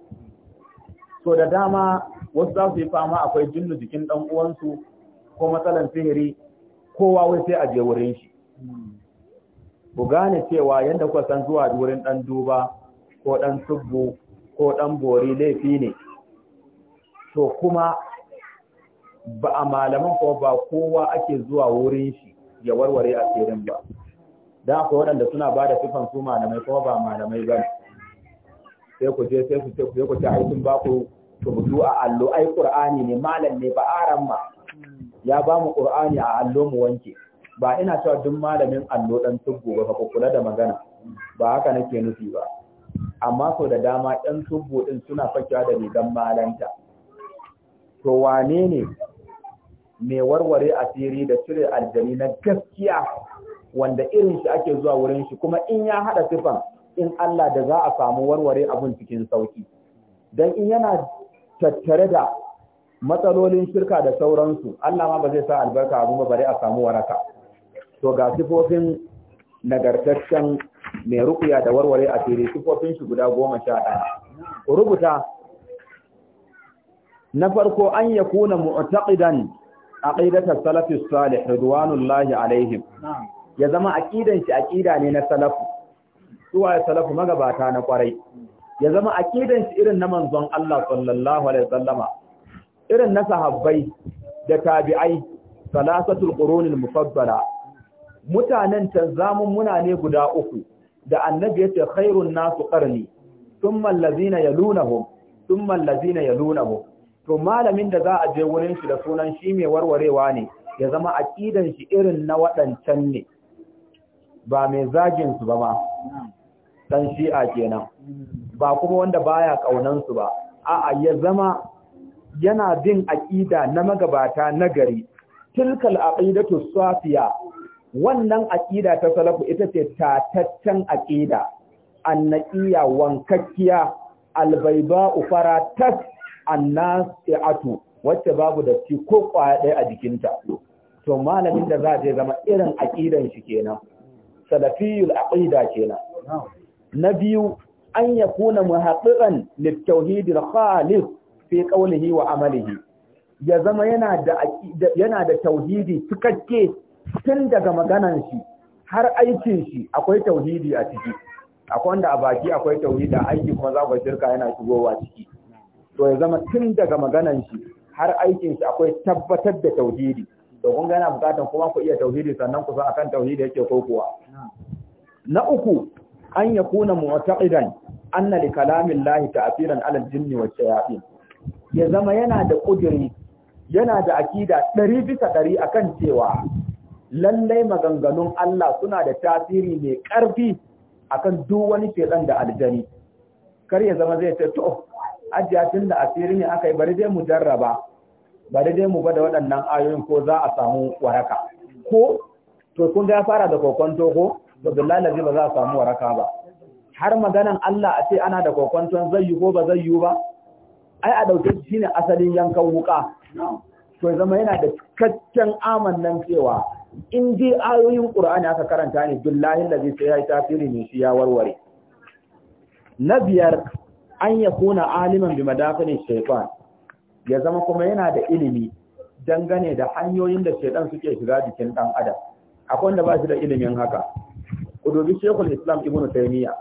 so da dama wasu za su yi fama akwai jinnu jikin dan uwansu ko matsalan sihiri kowa wai sai a je wurin shi ku gane cewa yadda kuka san zuwa wurin dan duba ko dan subbu ko dan bori laifi ne to kuma ba a malaman ko ba kowa ake zuwa wurin shi ya warware a asirin ba da akwai waɗanda suna ba da sifan su malamai kuma ba malamai ba sai ku je sai ku ce ku ce ai sun ba ku rubutu a allo ai qur'ani ne malam ne ba aran ma ya ba mu qur'ani a allo mu wanke ba ina cewa duk malamin allo dan tubbu ba ku kula da magana ba haka nake nufi ba amma sau da dama ɗan tubbu din suna fakewa da rigan malanta to wane ne mai warware asiri da cire aljani na gaskiya wanda irin shi ake zuwa wurin shi kuma in ya haɗa sifan in Allah da za a samu warware abun cikin sauki dan in yana tattare da matsalolin shirka da sauransu Allah ma ba zai sa albarka abu ba bare a samu waraka to ga sifofin nagartaccen mai rukuya da warware a fili sifofin shi guda goma sha ɗaya rubuta na farko an ya kuna mu'taqidan aqidatas salafis salih ridwanullahi alaihim ya zama aqidan shi aqida ne na salafu suwa salafu magabata na kwarai ya zama aqidan shi irin na manzon Allah sallallahu alaihi wasallama irin na sahabbai da tabi'ai salasatul qurunil mufaddala mutanen zamun muna ne guda uku da annabi yace khairun nasu qarni thumma allazina yalunahum thumma allazina yalunahum to malamin da za a je wurin shi da sunan shi mai warwarewa ne ya zama aqidan shi irin na wadancan ne ba mai zagin su ba ma dan shi'a kenan ba kuma wanda baya kaunan su ba a'a ya zama yana bin aqida na magabata na gari tilkal aqidatu safiya wannan aqida ta salafu ita ce tataccen aqida annaqiya wankakkiya albayda'u annas i'atu wacce babu datti ko kwaya ɗaya a jikinta to malamin da za a je zama irin aqidan shi kenan salafiyul aqida kenan na biyu an ya yakuna muhaqqiqan litauhidil khalis fi qawlihi wa amalihi ya zama yana da yana da tauhidi cikakke tun daga maganan shi har aikin shi akwai tauhidi a ciki akwai wanda a baki akwai tauhidi a aiki kuma za ku shirka yana shigowa ciki to ya zama tun daga maganan shi har aikin shi akwai tabbatar da tauhidi to kun ga bukatan kuma ku iya tauhidi sannan ku san akan tauhidi yake ko kuwa na uku an ya kuna mu'taqidan anna li kalamillahi ta'thiran 'ala al-jinni wa shayatin ya zama yana da kudiri yana da akida 100 bisa 100 akan cewa lallai maganganun Allah suna da tasiri mai karfi akan duk wani shedan da aljani kar ya zama zai ce to ajiya tun da asiri ne aka yi bari dai mu jarraba bari dai mu da waɗannan ayoyin ko za a samu waraka ko to kun ga ya fara da kokonto ko to billahi lazi ba za a samu waraka ba har maganan Allah a ce ana da kokonton zai yi ko ba zai yi ba ai a dauke shi ne asalin yankan wuka to zama yana da cikakken amannan cewa in dai ayoyin Qur'ani aka karanta ne billahi lazi sai ya yi tasiri ne shi ya warware na biyar an yakuna aliman bi madafin shaytan ya zama kuma yana da ilimi dangane da hanyoyin da shedan suke shiga jikin dan adam akwai wanda ba shi da ilimin haka ku dubi shekul islam Ibn taymiya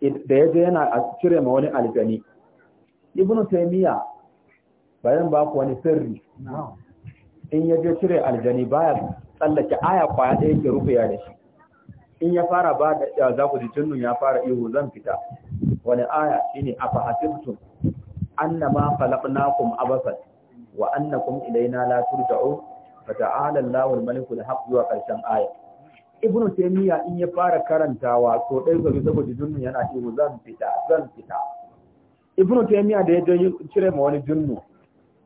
da je yana cire ma wani aljani Ibn taymiya bayan ba ku wani sirri in yaje cire aljani baya tsallake aya kwaya da yake rubuya da shi in ya fara ba da za ku ji jinnun ya fara ihu zan fita wani aya shine afa hasibtum annama khalaqnakum abasan wa annakum ilaina la turja'un fata'ala Allahu al-malikul haq zuwa karshen aya ibnu taymiya in ya fara karantawa to dai gobe saboda junnu yana cewa zan fita zan fita ibnu taymiya da ya je cire ma wani junnu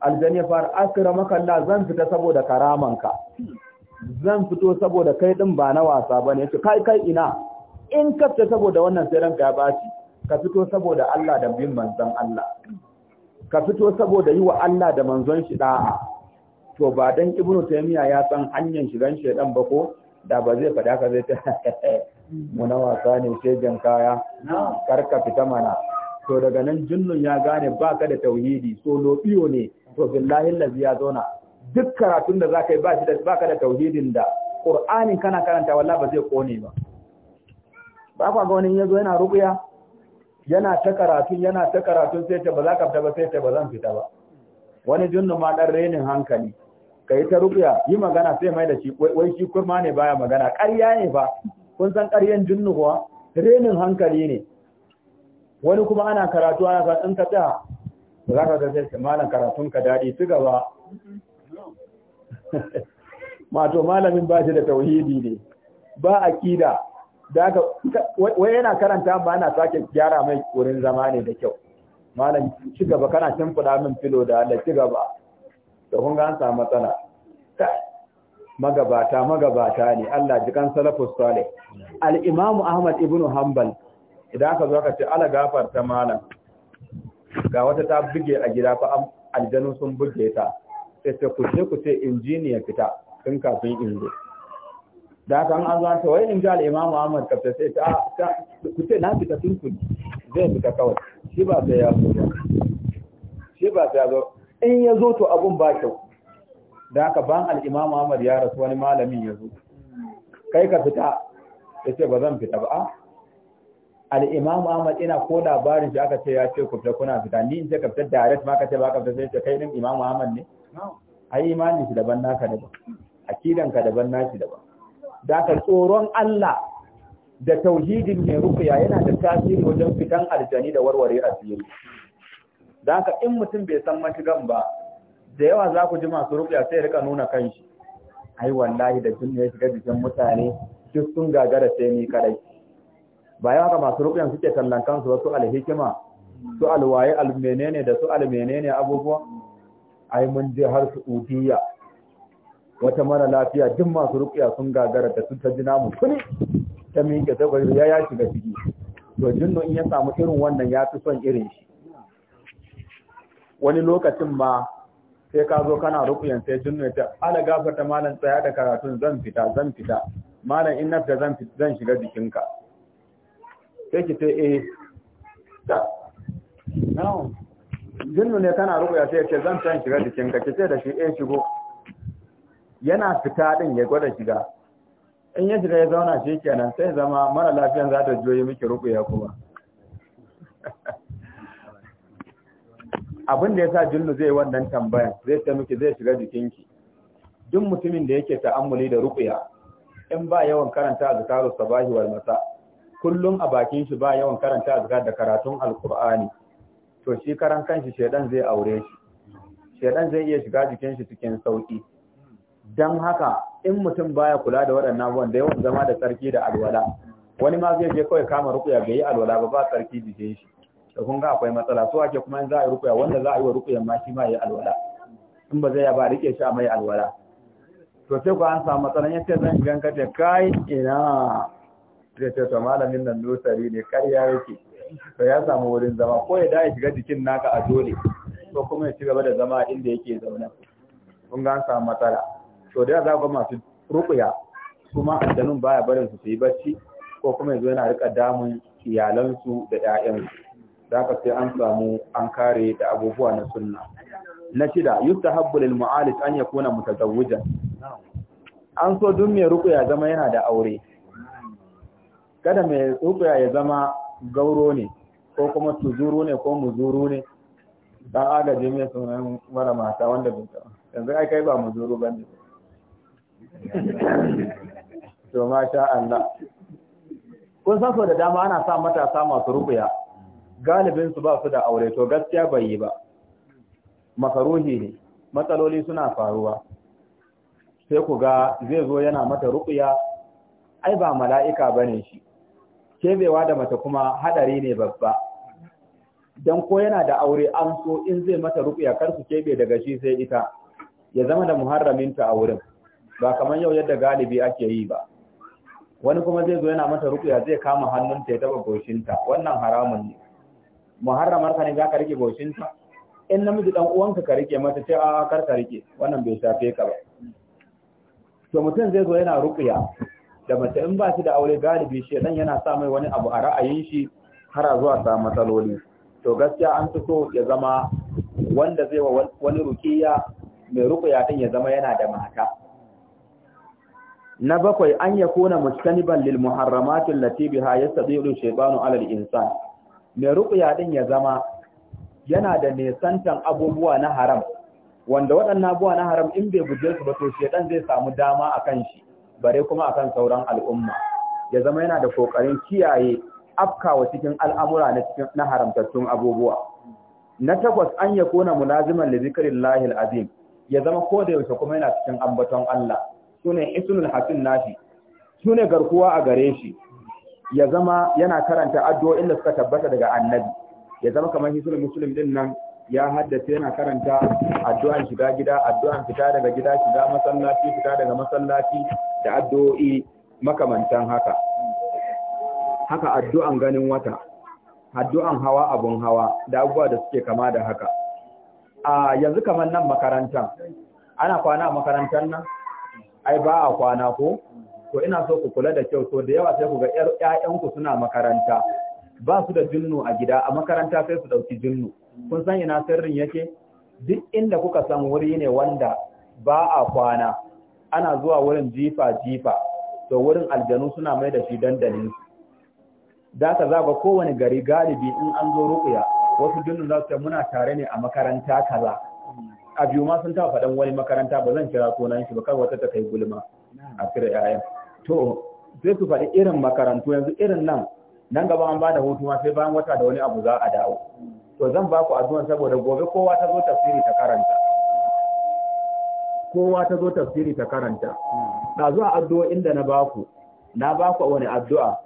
aljani ya fara akramaka Allah zan fita saboda karamanka zan fito saboda kai din ba na wasa bane yace kai kai ina in ka fita saboda wannan sai ranka ya baci ka fito saboda Allah da bin manzon Allah ka fito saboda yi wa Allah da manzon shi da'a to ba dan ibnu taymiya ya san hanyar shigan shedan ba ko da ba zai fada ka zai ta muna wasa ne shegan kaya kar ka fita mana to daga nan jinnun ya gane ba ka da tauhidi so lobiyo ne to billahi allazi ya zauna duk karatun da zaka yi ba shi da ba ka da tauhidin da qur'anin kana karanta wallahi ba zai kone ba ba ka ga wani yazo yana ruqya yana ta karatun yana ta karatun sai ta ba za ka fita ba sai ta ba zan fita ba wani jinnu ma dan renin hankali kai ta rubuya yi magana sai mai da shi wai shi kurma ne baya magana ƙarya ne fa, kun san ƙaryan jinnu kuwa renin hankali ne wani kuma ana karatu ana san in ka tsaya ba za ka ga sai malam karatun ka daɗi ci gaba mato malamin ba shi da tauhidi ne ba aqida daga wai yana karanta ba ana sake gyara mai wurin zama ne da kyau malam ci gaba kana fuda min filo da Allah ci gaba da kun ga an samu matsala magabata magabata ne Allah jikan salafus salih al-imamu Ahmad ibn Hanbal idan ka zo ka ce ala ta malam ga wata ta buge a gida fa aljanu sun buge ta sai ce ku ce ku ce injiniya fita tun kafin in zo da kan an za ta wai in ji al'imam Ahmad kafta sai ta ah, ku ce na fita tunkun zai fita kawai shi ba sai ya zo shi ba sai ya zo in ya zo to abun ba kyau da ka ban al'imam Ahmad ya rasu wani malamin ya zo kai ka fita ya ce ba zan fita ba ah, al'imam Ahmad ina ko labarin shi aka ce ya ce ku fita kuna fita ni in ce ka fita direct ma ka ce ba ka fita sai ce kai din imam Ahmad ne ai imani shi daban naka daban akidan ka daban naki daban da tsoron Allah da tauhidin mai rukuya yana da tasiri wajen fitan aljani da warware a da ka in mutum bai san matigan ba da yawa za ku ji masu rukuya sai rika nuna kanshi ai wallahi da jin ya shiga jikin mutane duk sun gagara sai ni kadai ba yawa ka masu rukuyan suke tallan kansu wasu alhikima su alwaye almenene da su almenene abubuwa ai mun je har su udiya wata mara lafiya duk masu rukiya sun gagara da sun ta ji namu kuni ta miƙe ta ya ya shiga ciki to jinnu in ya samu irin wannan ya fi son irin shi wani lokacin ma sai ka zo kana rukuyan sai jinnu ya ta ala gafarta malam tsaya da karatun zan fita zan fita malam in na fita zan zan shiga jikinka sai ki ce eh ta jinnu ne kana rukuya sai ya ce zan fita shiga jikinka ki ce da shi eh shigo yana fita din ya gwada shiga in ya shiga ya zauna shi kenan sai zama mara lafiyan za ta joyi miki ya kuma abin da ya sa jinnu zai wannan tambayan zai ta miki zai shiga jikinki duk mutumin da yake ta'ammuli da rukuya in ba yawan karanta azkaru sabahi wal masa kullum a bakin shi ba yawan karanta azkar da karatun alqur'ani to shi karan kanshi shedan zai aure shi shedan zai iya shiga jikin shi cikin sauki don haka in mutum baya kula da waɗannan abubuwan da yawan zama da tsarki da alwala wani ma zai je kawai kama rukuya bai yi alwala ba ba tsarki jikin shi da kun ga akwai matsala so ake kuma in za a yi rukuya wanda za a yi wa rukuyan ma shi ma ya alwala in ba zai ya ba rike shi a mai alwala to sai ku an samu matsalan yace zan gan ka ce kai ina da ce to malamin nan nusari ne karya yake to ya samu wurin zama ko ya dai shiga jikin naka a dole ko kuma ya ci gaba da zama inda yake zaune kun ga an samu matsala to da za ga masu rukuya kuma aljanun baya barin su yi bacci ko kuma yanzu yana rika damun iyalansu da ƴaƴansu da ka sai an samu an kare da abubuwa na sunna na shida yustahabbu lil mu'alif an yakuna mutazawwijan an so duk mai rukuya zama yana da aure kada mai rukuya ya zama gauro ne ko kuma tuzuru ne ko muzuru ne dan agaje mai sunan mara mata wanda ta yanzu ai kai ba muzuru bane to masha Allah kun san so da dama ana sa matasa masu rubuya galibin su ba su da aure to gaskiya bai yi ba makaruhi ne matsaloli suna faruwa sai ku ga zai zo yana mata rubuya ai ba mala'ika ba ne shi kebewa da mata kuma haɗari ne babba Dan ko yana da aure an so in zai mata rubuya kar su kebe daga shi sai ita ya zama da muharraminta a wurin ba kamar yau yadda galibi ake yi ba wani kuma zai zo yana mata rukuya zai kama hannunta ya taba goshinta wannan haramun ne muharramar ka ne za ka rike goshinta in namiji dan uwanka ka rike mata ce a kar ka rike wannan bai shafe ka ba to mutum zai zo yana rukuya da mace in ba shi da aure galibi shi dan yana sa mai wani abu a ra'ayin shi har zuwa sa matsaloli to gaskiya an fi ya zama wanda zai wa wani rukiya mai rukuya din ya zama yana da mata na bakwai an kuna mustaniban lil muharramati allati biha yastadiru shaytanu ala al insan mai ruqya din ya zama yana da nesantan abubuwa na haram wanda waɗannan abubuwa na haram in bai guje su ba to shaytan zai samu dama akan shi bare kuma akan sauran al'umma ya zama yana da kokarin kiyaye afkawa cikin al'amura na cikin na haramtattun abubuwa na takwas an ya kuna mulaziman li zikrillahil azim ya zama ko da yaushe kuma yana cikin ambaton Allah sune isnul hasin nashi sune garkuwa a gare shi ya zama yana karanta addu'o'in da suka tabbata daga annabi ya zama kamar sunan muslim din nan ya haddace yana karanta addu'an shiga gida addu'an fita daga gida shiga masallaci fita daga masallaci da addu'o'i makamantan haka haka addu'an ganin wata addu'an hawa abun hawa da abubuwa da suke kama da haka a yanzu kamar nan makarantar ana kwana a makarantar nan ai ba a kwana ko to ina so ku kula da kyau to da yawa sai ku ga ƴaƴanku suna makaranta ba su da jinnu a gida a makaranta sai su dauki jinnu kun san ina sirrin yake duk inda kuka san wuri ne wanda ba a kwana ana zuwa wurin jifa jifa to wurin aljanu suna mai da shi dandalin da ka zaba kowani kowane gari galibi in an zo ruƙuya wasu jinnu za su ce muna tare ne a makaranta kaza a biyu ma sun taɓa faɗan wani makaranta ba zan kira sunan shi ba kar wata ta kai gulma a kira yayan to sai su faɗi irin makarantu yanzu irin nan nan gaba an ba da hutu ma sai bayan wata da wani abu za a dawo to zan ba ku addu'a saboda gobe kowa ta zo tafsiri ta karanta kowa ta zo tafsiri ta karanta na zuwa addu'a inda na ba ku na ba ku wani addu'a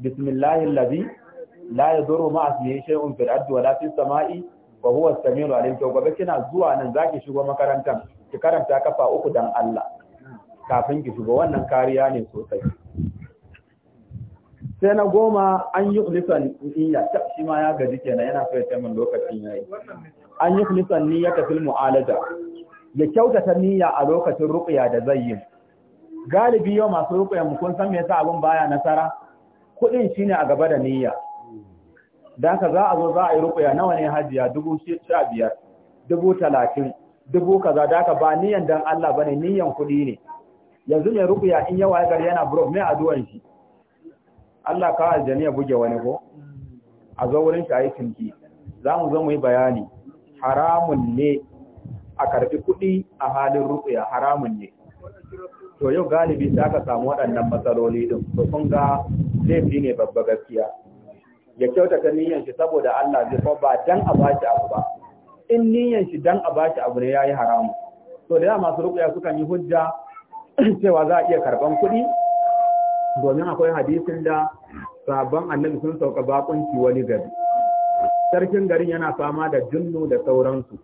bismillahil ladhi la yadurru ma'a ismihi shay'un fil ardi wala fis sama'i wa huwa samiru alim to gobe kina zuwa nan zaki shigo makarantar ki karanta kafa uku dan Allah kafin ki shigo wannan kariya ne sosai sai na goma an yi kulisan niyya ta shi ma ya gaji kenan yana so ya taimun lokacin yayi an yi kulisan niyya ta fil mu'alaja ya kyautata niyya a lokacin ruqya da zai yi galibi yau masu ruqyan mu kun san me yasa abun baya nasara kudin shine a gaba da niyya da ka za a zo za a yi rukuya nawa ne hajiya dubu sha biyar dubu talatin dubu kaza da ka ba niyan dan Allah bane niyan kuɗi ne yanzu mai rukuya in yawa ya gari yana bro mai addu'an shi Allah ka aljani ya buge wani ko a zo wurin shi a yi za mu zo mu yi bayani haramun ne a karbi kuɗi a halin rukuya haramun ne to yau galibi sai aka samu waɗannan matsaloli din to kun ga laifi ne babba gaskiya ya kyautata niyyar shi saboda Allah zai ko ba dan a bashi abu ba in niyyar shi dan a bashi abu ne yayi haramu to da masu rukuya sukan yi hujja cewa za a iya karban kuɗi domin akwai hadisin da sabon annabi sun sauka bakunci wani gari sarkin garin yana fama da junnu da sauransu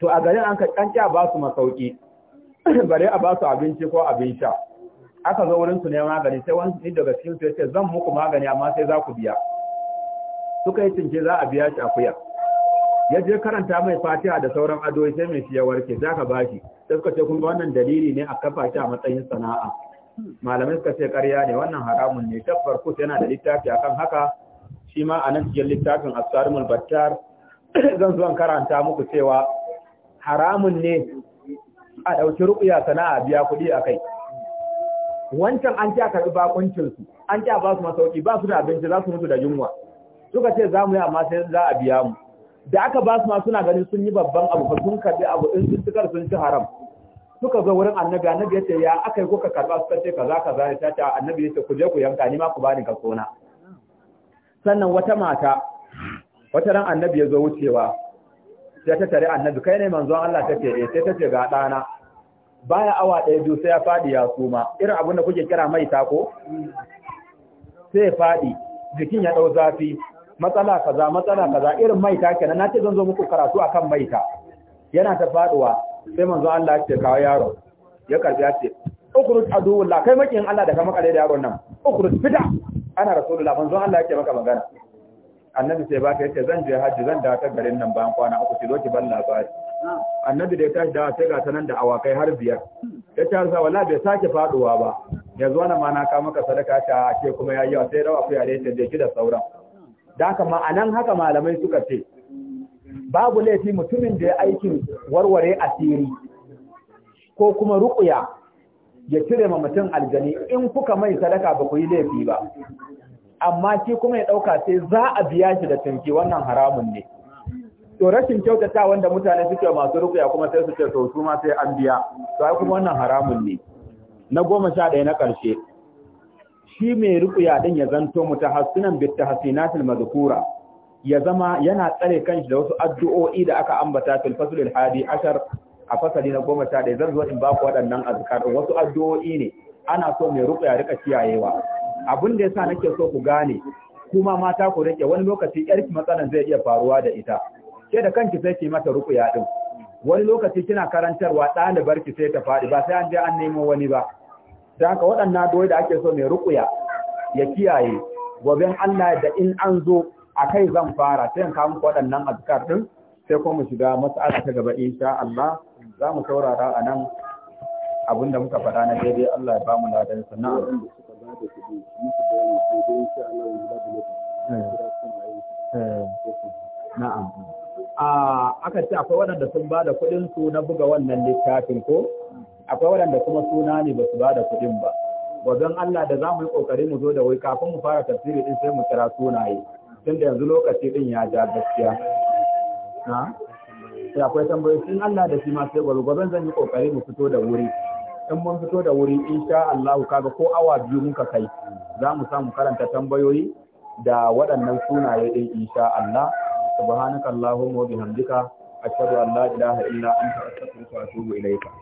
to a garin an kan a ba su masauki bare a ba su abinci ko abin sha aka zo wurin su ne magani sai wani daga cikin su yace zan muku magani amma sai za ku biya suka yi cinke za a biya shi akuya ya je karanta mai fatiha da sauran adoyi sai mai shi ya warke za ka bashi sai suka ce kun wannan dalili ne a kafa shi a matsayin sana'a malamai suka ce ƙarya ne wannan haramun ne tabbar kus yana da littafi akan haka shi ma a nan cikin littafin asarumul battar zan zuwan karanta muku cewa haramun ne a ɗauki ruƙuya sana'a biya kuɗi a kai wancan an ce a karɓi bakuncin su an ce a ba su masauki ba su da abinci za su mutu da yunwa suka ce za mu yi amma sai za a biya mu da aka ba su ma suna ganin sun yi babban abu ba sun karɓi abu in sun tukar sun ci haram suka zo wurin annabi annabi ya ce ya aka yi kuka karɓa suka ce kaza kaza ya tace annabi ya ce ku je ku yanka ni ma ku bani ka na sannan wata mata wata ran annabi ya zo wucewa sai ta tare annabi kai ne manzon Allah take ce, eh, sai ta ce ga ɗana baya awa ɗaya biyu sai ya faɗi ya suma irin abin da kuke kira mai tako sai ya faɗi jikin ya ɗau zafi matsala kaza matsala kaza irin maita kenan na ce zan zo muku karatu akan maita yana ta faduwa sai manzo Allah ya ce kawo yaro ya karbi ya ce ukhruj aduwullah kai makin Allah da ka makale da yaron nan ukhruj fita ana rasulullah manzo Allah ya ce maka magana annabi sai baka yace zan je hajji zan dawo ta garin nan bayan kwana uku ki doki ban labari annabi da ya tashi dawa sai ga sanan da awakai har biyar ya ce harsa wala bai sake faduwa ba yanzu wannan ma na kawo maka sadaka ta a kuma ya yi sai rawa ku yare ta ki da sauran da haka ma anan haka malamai suka ce babu laifi mutumin da ya aikin warware asiri ko kuma ruƙuya ya cire ma mutum aljani in kuka mai sadaka ba ku yi laifi ba amma shi kuma ya ɗauka sai za a biya shi da tunki wannan haramun ne to rashin kyautata wanda mutane suke masu rukuya kuma sai suke ce su ma sai an biya to ai kuma wannan haramun ne na goma sha ɗaya na ƙarshe shi mai rukuya din ya zanto mu ta mutahassinan bit hasinatul mazkura ya zama yana tsare kanshi da wasu addu'o'i da aka ambata fil faslil hadi ashar a fasali na goma sha ɗaya zan zo in ba ku waɗannan azkar wasu addu'o'i ne ana so mai rukuya rika kiyayewa abin da yasa nake so ku gane kuma mata ku rike wani lokaci yarki matsalan zai iya faruwa da ita ke da kanki sai ki mata rukuya din wani lokaci kina karantarwa dalibar ki sai ta faɗi ba sai an je an nemo wani ba dan haka waɗannan doyi da ake so mai rukuya ya kiyaye gobin Allah da in an zo a kai zan fara sai in kawo muku waɗannan azkar din sai kuma mu shiga mas'ala ta gaba insha Allah za saurara a nan abinda muka faɗa na daidai Allah ya ba mu ladan sannan da su bi musu bayani ko dai Allah babu lokaci eh. eh. na'am a aka ce akwai waɗanda sun ba da kuɗin su na buga wannan littafin ko akwai waɗanda kuma suna ne ba su ba da kuɗin ba wajen Allah da za mu yi ƙoƙari mu zo da wai kafin mu fara tafsiri din sai mu kira sunaye tun da yanzu lokaci din ya ja gaskiya na sai akwai tambayoyi sun Allah da shi ma sai gwargwadon zan yi ƙoƙari mu fito da wuri in mun fito da wuri insha Allah kaga ko awa biyu muka kai za mu samu karanta tambayoyi da waɗannan sunaye din insha Allah subhanakallahumma wa bihamdika ashhadu an la ilaha illa anta astaghfiruka wa atubu ilayka